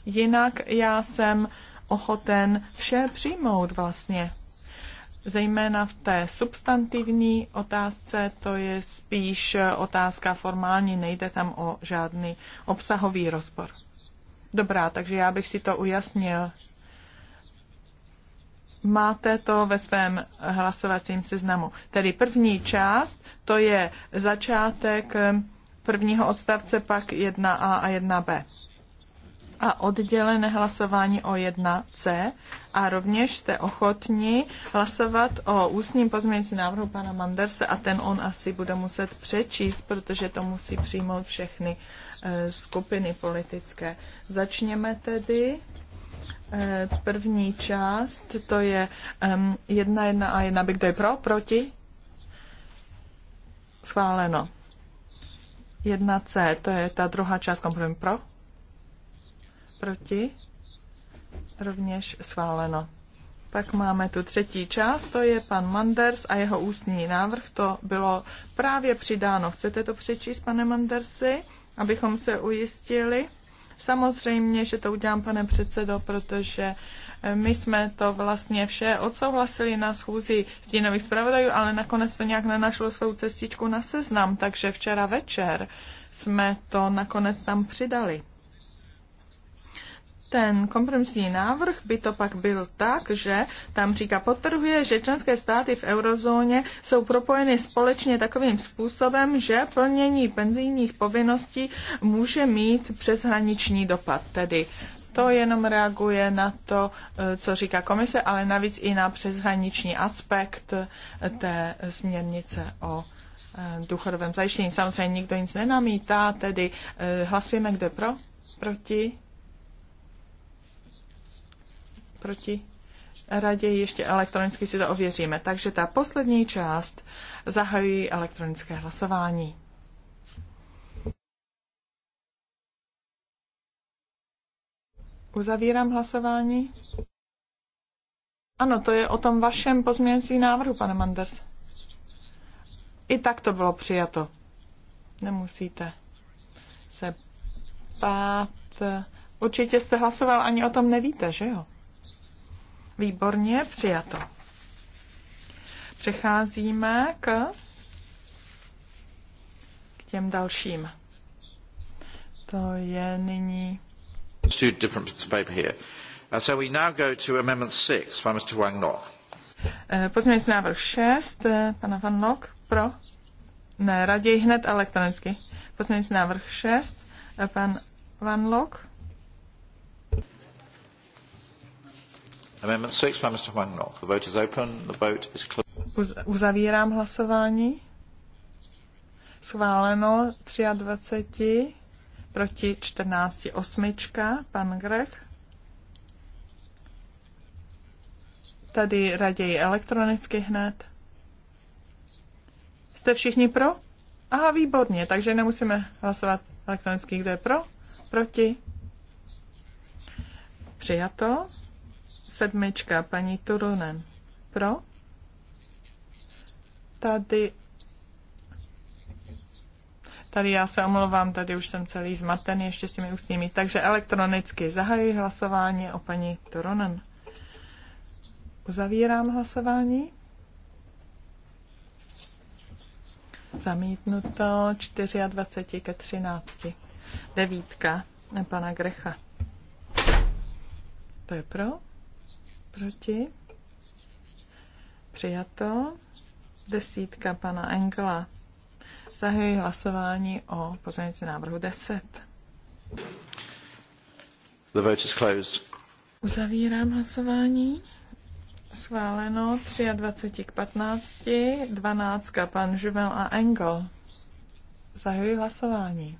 Jinak já jsem ochoten vše přijmout vlastně zejména v té substantivní otázce, to je spíš otázka formální, nejde tam o žádný obsahový rozpor. Dobrá, takže já bych si to ujasnil. Máte to ve svém hlasovacím seznamu. Tedy první část, to je začátek prvního odstavce, pak 1a a 1b a oddělené hlasování o 1C a rovněž jste ochotni hlasovat o ústním pozměňovacím návrhu pana Manderse a ten on asi bude muset přečíst, protože to musí přijmout všechny eh, skupiny politické. Začněme tedy eh, první část, to je um, jedna, jedna a jedna, kdo je pro, proti? Schváleno. Jedna c to je ta druhá část kompromisu pro? proti, rovněž schváleno. Pak máme tu třetí část, to je pan Manders a jeho ústní návrh, to bylo právě přidáno. Chcete to přečíst, pane Mandersi, abychom se ujistili? Samozřejmě, že to udělám, pane předsedo, protože eh, my jsme to vlastně vše odsouhlasili na schůzi stínových zpravodajů, ale nakonec to nějak nenašlo svou cestičku na seznam, takže včera večer jsme to nakonec tam přidali ten kompromisní návrh by to pak byl tak, že tam říká, potrhuje, že členské státy v eurozóně jsou propojeny společně takovým způsobem, že plnění penzijních povinností může mít přeshraniční dopad. Tedy to jenom reaguje na to, eh, co říká komise, ale navíc i na přeshraniční aspekt eh, té směrnice o eh, důchodovém zajištění. Samozřejmě nikdo nic nenamítá, tedy hlasujeme, kdo pro, proti proti, raději ještě elektronicky si to ověříme. Takže ta poslední část zahajují elektronické hlasování. Uzavírám hlasování. Ano, to je o tom vašem pozměňovacím návrhu, pane Manders. I tak to bylo přijato. Nemusíte se pát. Určitě jste hlasoval, ani o tom nevíte, že jo? Výborně, přijato. Přecházíme k, k těm dalším. To je nyní... Two different pieces of paper here. Uh, so we now go to amendment six by Mr. Wang Nok. Uh, návrh 6, eh, pana Van Nok, pro? Ne, raději hned elektronicky. Pozměňující návrh 6, eh, pan Van Lok. Amendment 6 by Mr. The vote is open. The vote is closed. Uzavírám hlasování. Schváleno 23 proti 14 osmička. Pan Grech. Tady raději elektronicky hned. Jste všichni pro? Aha, výborně, takže nemusíme hlasovat elektronicky. Kdo je pro? Proti? Přijato. Sedmička, paní Turunen. Pro? Tady Tady já se omlouvám, tady už jsem celý zmatený ještě s těmi ústními. Takže elektronicky zahajuji hlasování o paní Turunen. Uzavírám hlasování. Zamítnuto 24 ke 13. Devítka pana Grecha. To je pro. Proti? Přijato. Desítka pana Engla. Zahajuji hlasování o pozornici návrhu 10. The vote is closed. Uzavírám hlasování. Schváleno 23 k 15, 12 pan Žuvel a Engel. Zahajuji hlasování.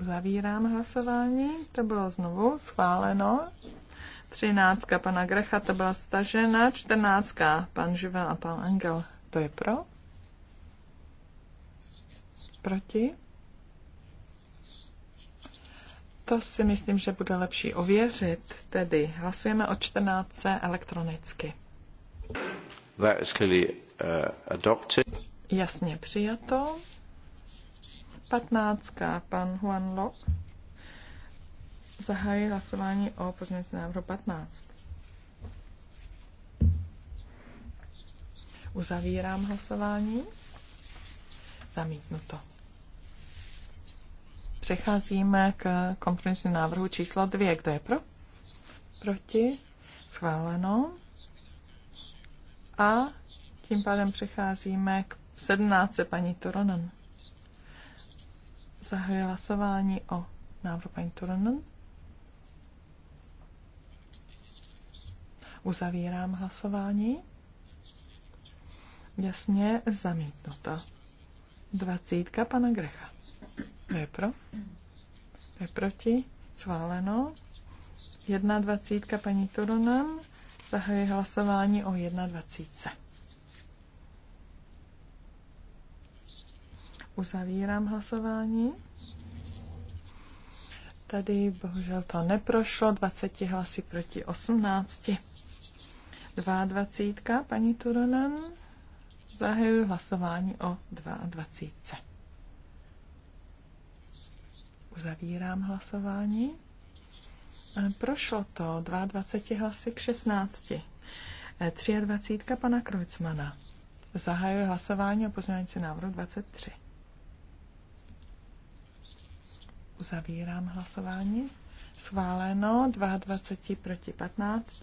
Zavírám hlasování. To bylo znovu schváleno. Třináctka pana Grecha, to byla stažena. Čtrnáctka pan Živel a pan Engel, to je pro. Proti. To si myslím, že bude lepší ověřit. Tedy hlasujeme o 14 elektronicky. That is clearly, uh, adopted. Jasně přijato. 15. pan Juan Lo. Zahájí hlasování o pozměnci návrhu 15. Uzavírám hlasování. Zamítnuto. Přecházíme k kompromisnímu návrhu číslo 2. Kdo je pro? Proti? Schváleno. A tím pádem přecházíme k 17. paní Toronan. Zahajuji hlasování o návrhu paní Turunen. Uzavírám hlasování. Jasně zamítnuto. Dvacítka pana Grecha. Kdo je pro? Kdo je proti? Schváleno. Jedna dvacítka paní Turunen. Zahajuji hlasování o jedna dvacítce. Uzavírám hlasování. Tady bohužel to neprošlo, 20 hlasy proti 18. 22. paní Turonen. Zahajuji hlasování o 22. Uzavírám hlasování. E, prošlo to 22 hlasy k 16. 23. E, pana Krojcmana. Zahajuji hlasování o pozměňovacím návrhu 23. Uzavírám hlasování. Schváleno 22 proti 15.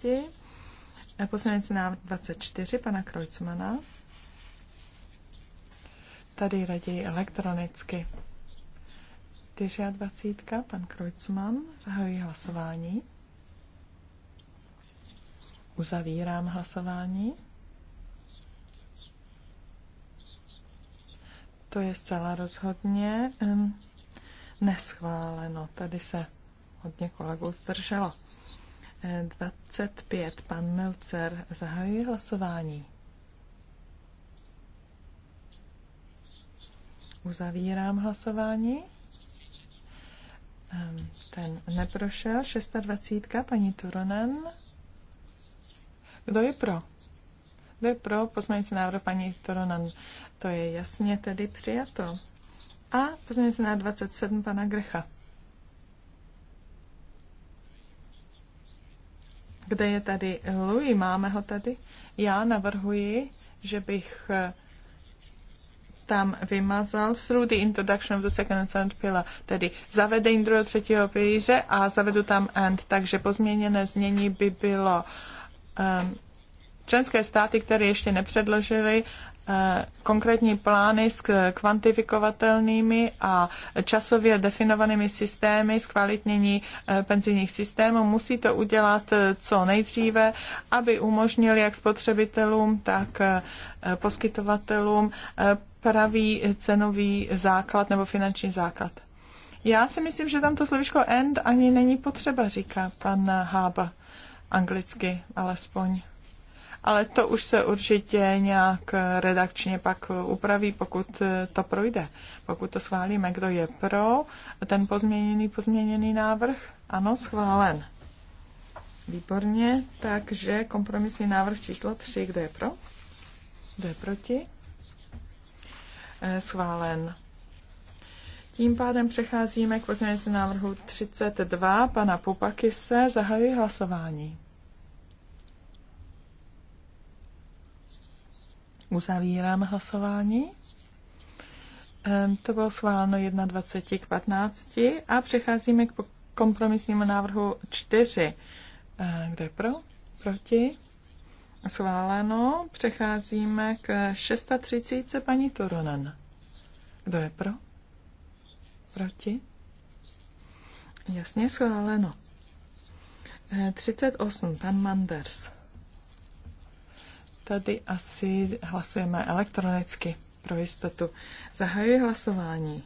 Poslanec návrh 24 pana Krojcmana. Tady raději elektronicky. 24. pan Krojcman. Zahajuji hlasování. Uzavírám hlasování. To je zcela rozhodně neschváleno. Tady se hodně kolegů zdrželo. 25. Eh, Pan Milcer zahajuje hlasování. Uzavírám hlasování. Ehm, ten neprošel. 26. Paní Turonen. Kdo je pro? Kdo je pro? Pozměňující návrh paní Turonen. To je jasně tedy přijato. A se na 27 pana Grecha. Kde je tady Louis? Máme ho tady? Já navrhuji, že bych eh, tam vymazal through the introduction of the second and third pillar, tedy zavedení druhého třetího pilíře a zavedu tam and, takže pozměněné znění by bylo um, členské státy, které ještě nepředložily konkrétní plány s kvantifikovatelnými a časově definovanými systémy zkvalitnění eh, penzijních systémů. Musí to udělat eh, co nejdříve, aby umožnili jak spotřebitelům, tak eh, poskytovatelům pravý cenový základ nebo finanční základ. Já si myslím, že tam to slovičko end ani není potřeba, říká pan Hába anglicky alespoň ale to už se určitě nějak redakčně pak upraví, pokud to projde. Pokud to schválíme, kdo je pro ten pozměněný, pozměněný návrh? Ano, schválen. Výborně, takže kompromisní návrh číslo 3, kdo je pro? Kdo je proti? Eh, schválen. Tím pádem přecházíme k pozměňovacímu návrhu 32 pana Pupakise. Zahajuji hlasování. Uzavírám hlasování. Ehm, to bylo schváleno 21 k 15 a přecházíme k kompromisnímu návrhu 4. Ehm, kdo je pro? Proti? Schváleno. Přecházíme k 630 paní Turunen. Kdo je pro? Proti? Jasně schváleno. 38. Ehm, pan Manders. Tady asi hlasujeme elektronicky pro jistotu. Zahajuji hlasování.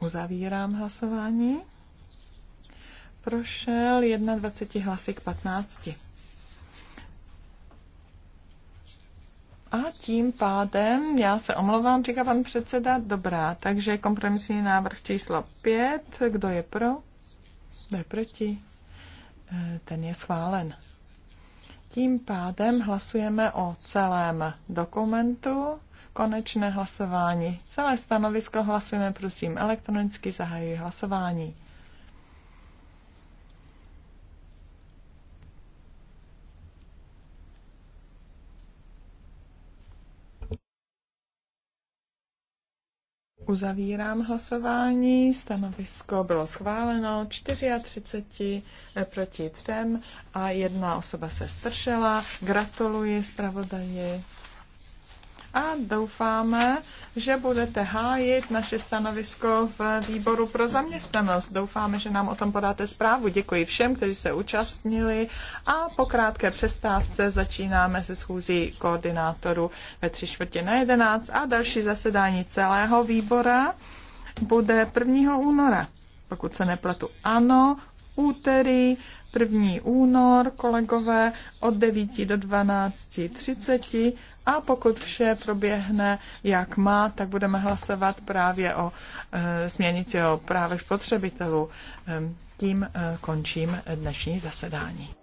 Uzavírám hlasování. Prošel 21 hlasy k 15. A tím pádem, já se omlouvám, říká pan předseda, dobrá, takže kompromisní návrh číslo 5, kdo je pro, kdo je proti, ten je schválen. Tím pádem hlasujeme o celém dokumentu. Konečné hlasování. Celé stanovisko hlasujeme, prosím, elektronicky zahajuji hlasování. Uzavírám hlasování. Stanovisko bylo schváleno 34 eh, proti 3 a jedna osoba se stršela. Gratuluji zpravodaji a doufáme, že budete hájit naše stanovisko v výboru pro zaměstnanost. Doufáme, že nám o tom podáte zprávu. Děkuji všem, kteří se účastnili a po krátké přestávce začínáme se schůzí koordinátorů ve tři čtvrtě na jedenáct a další zasedání celého výbora bude 1. února, pokud se nepletu. Ano, úterý 1. únor, kolegové, od 9 do 12.30 a pokud vše proběhne, jak má, tak budeme hlasovat právě o e, směnici o právech spotřebitelů. E, tím e, končím dnešní zasedání.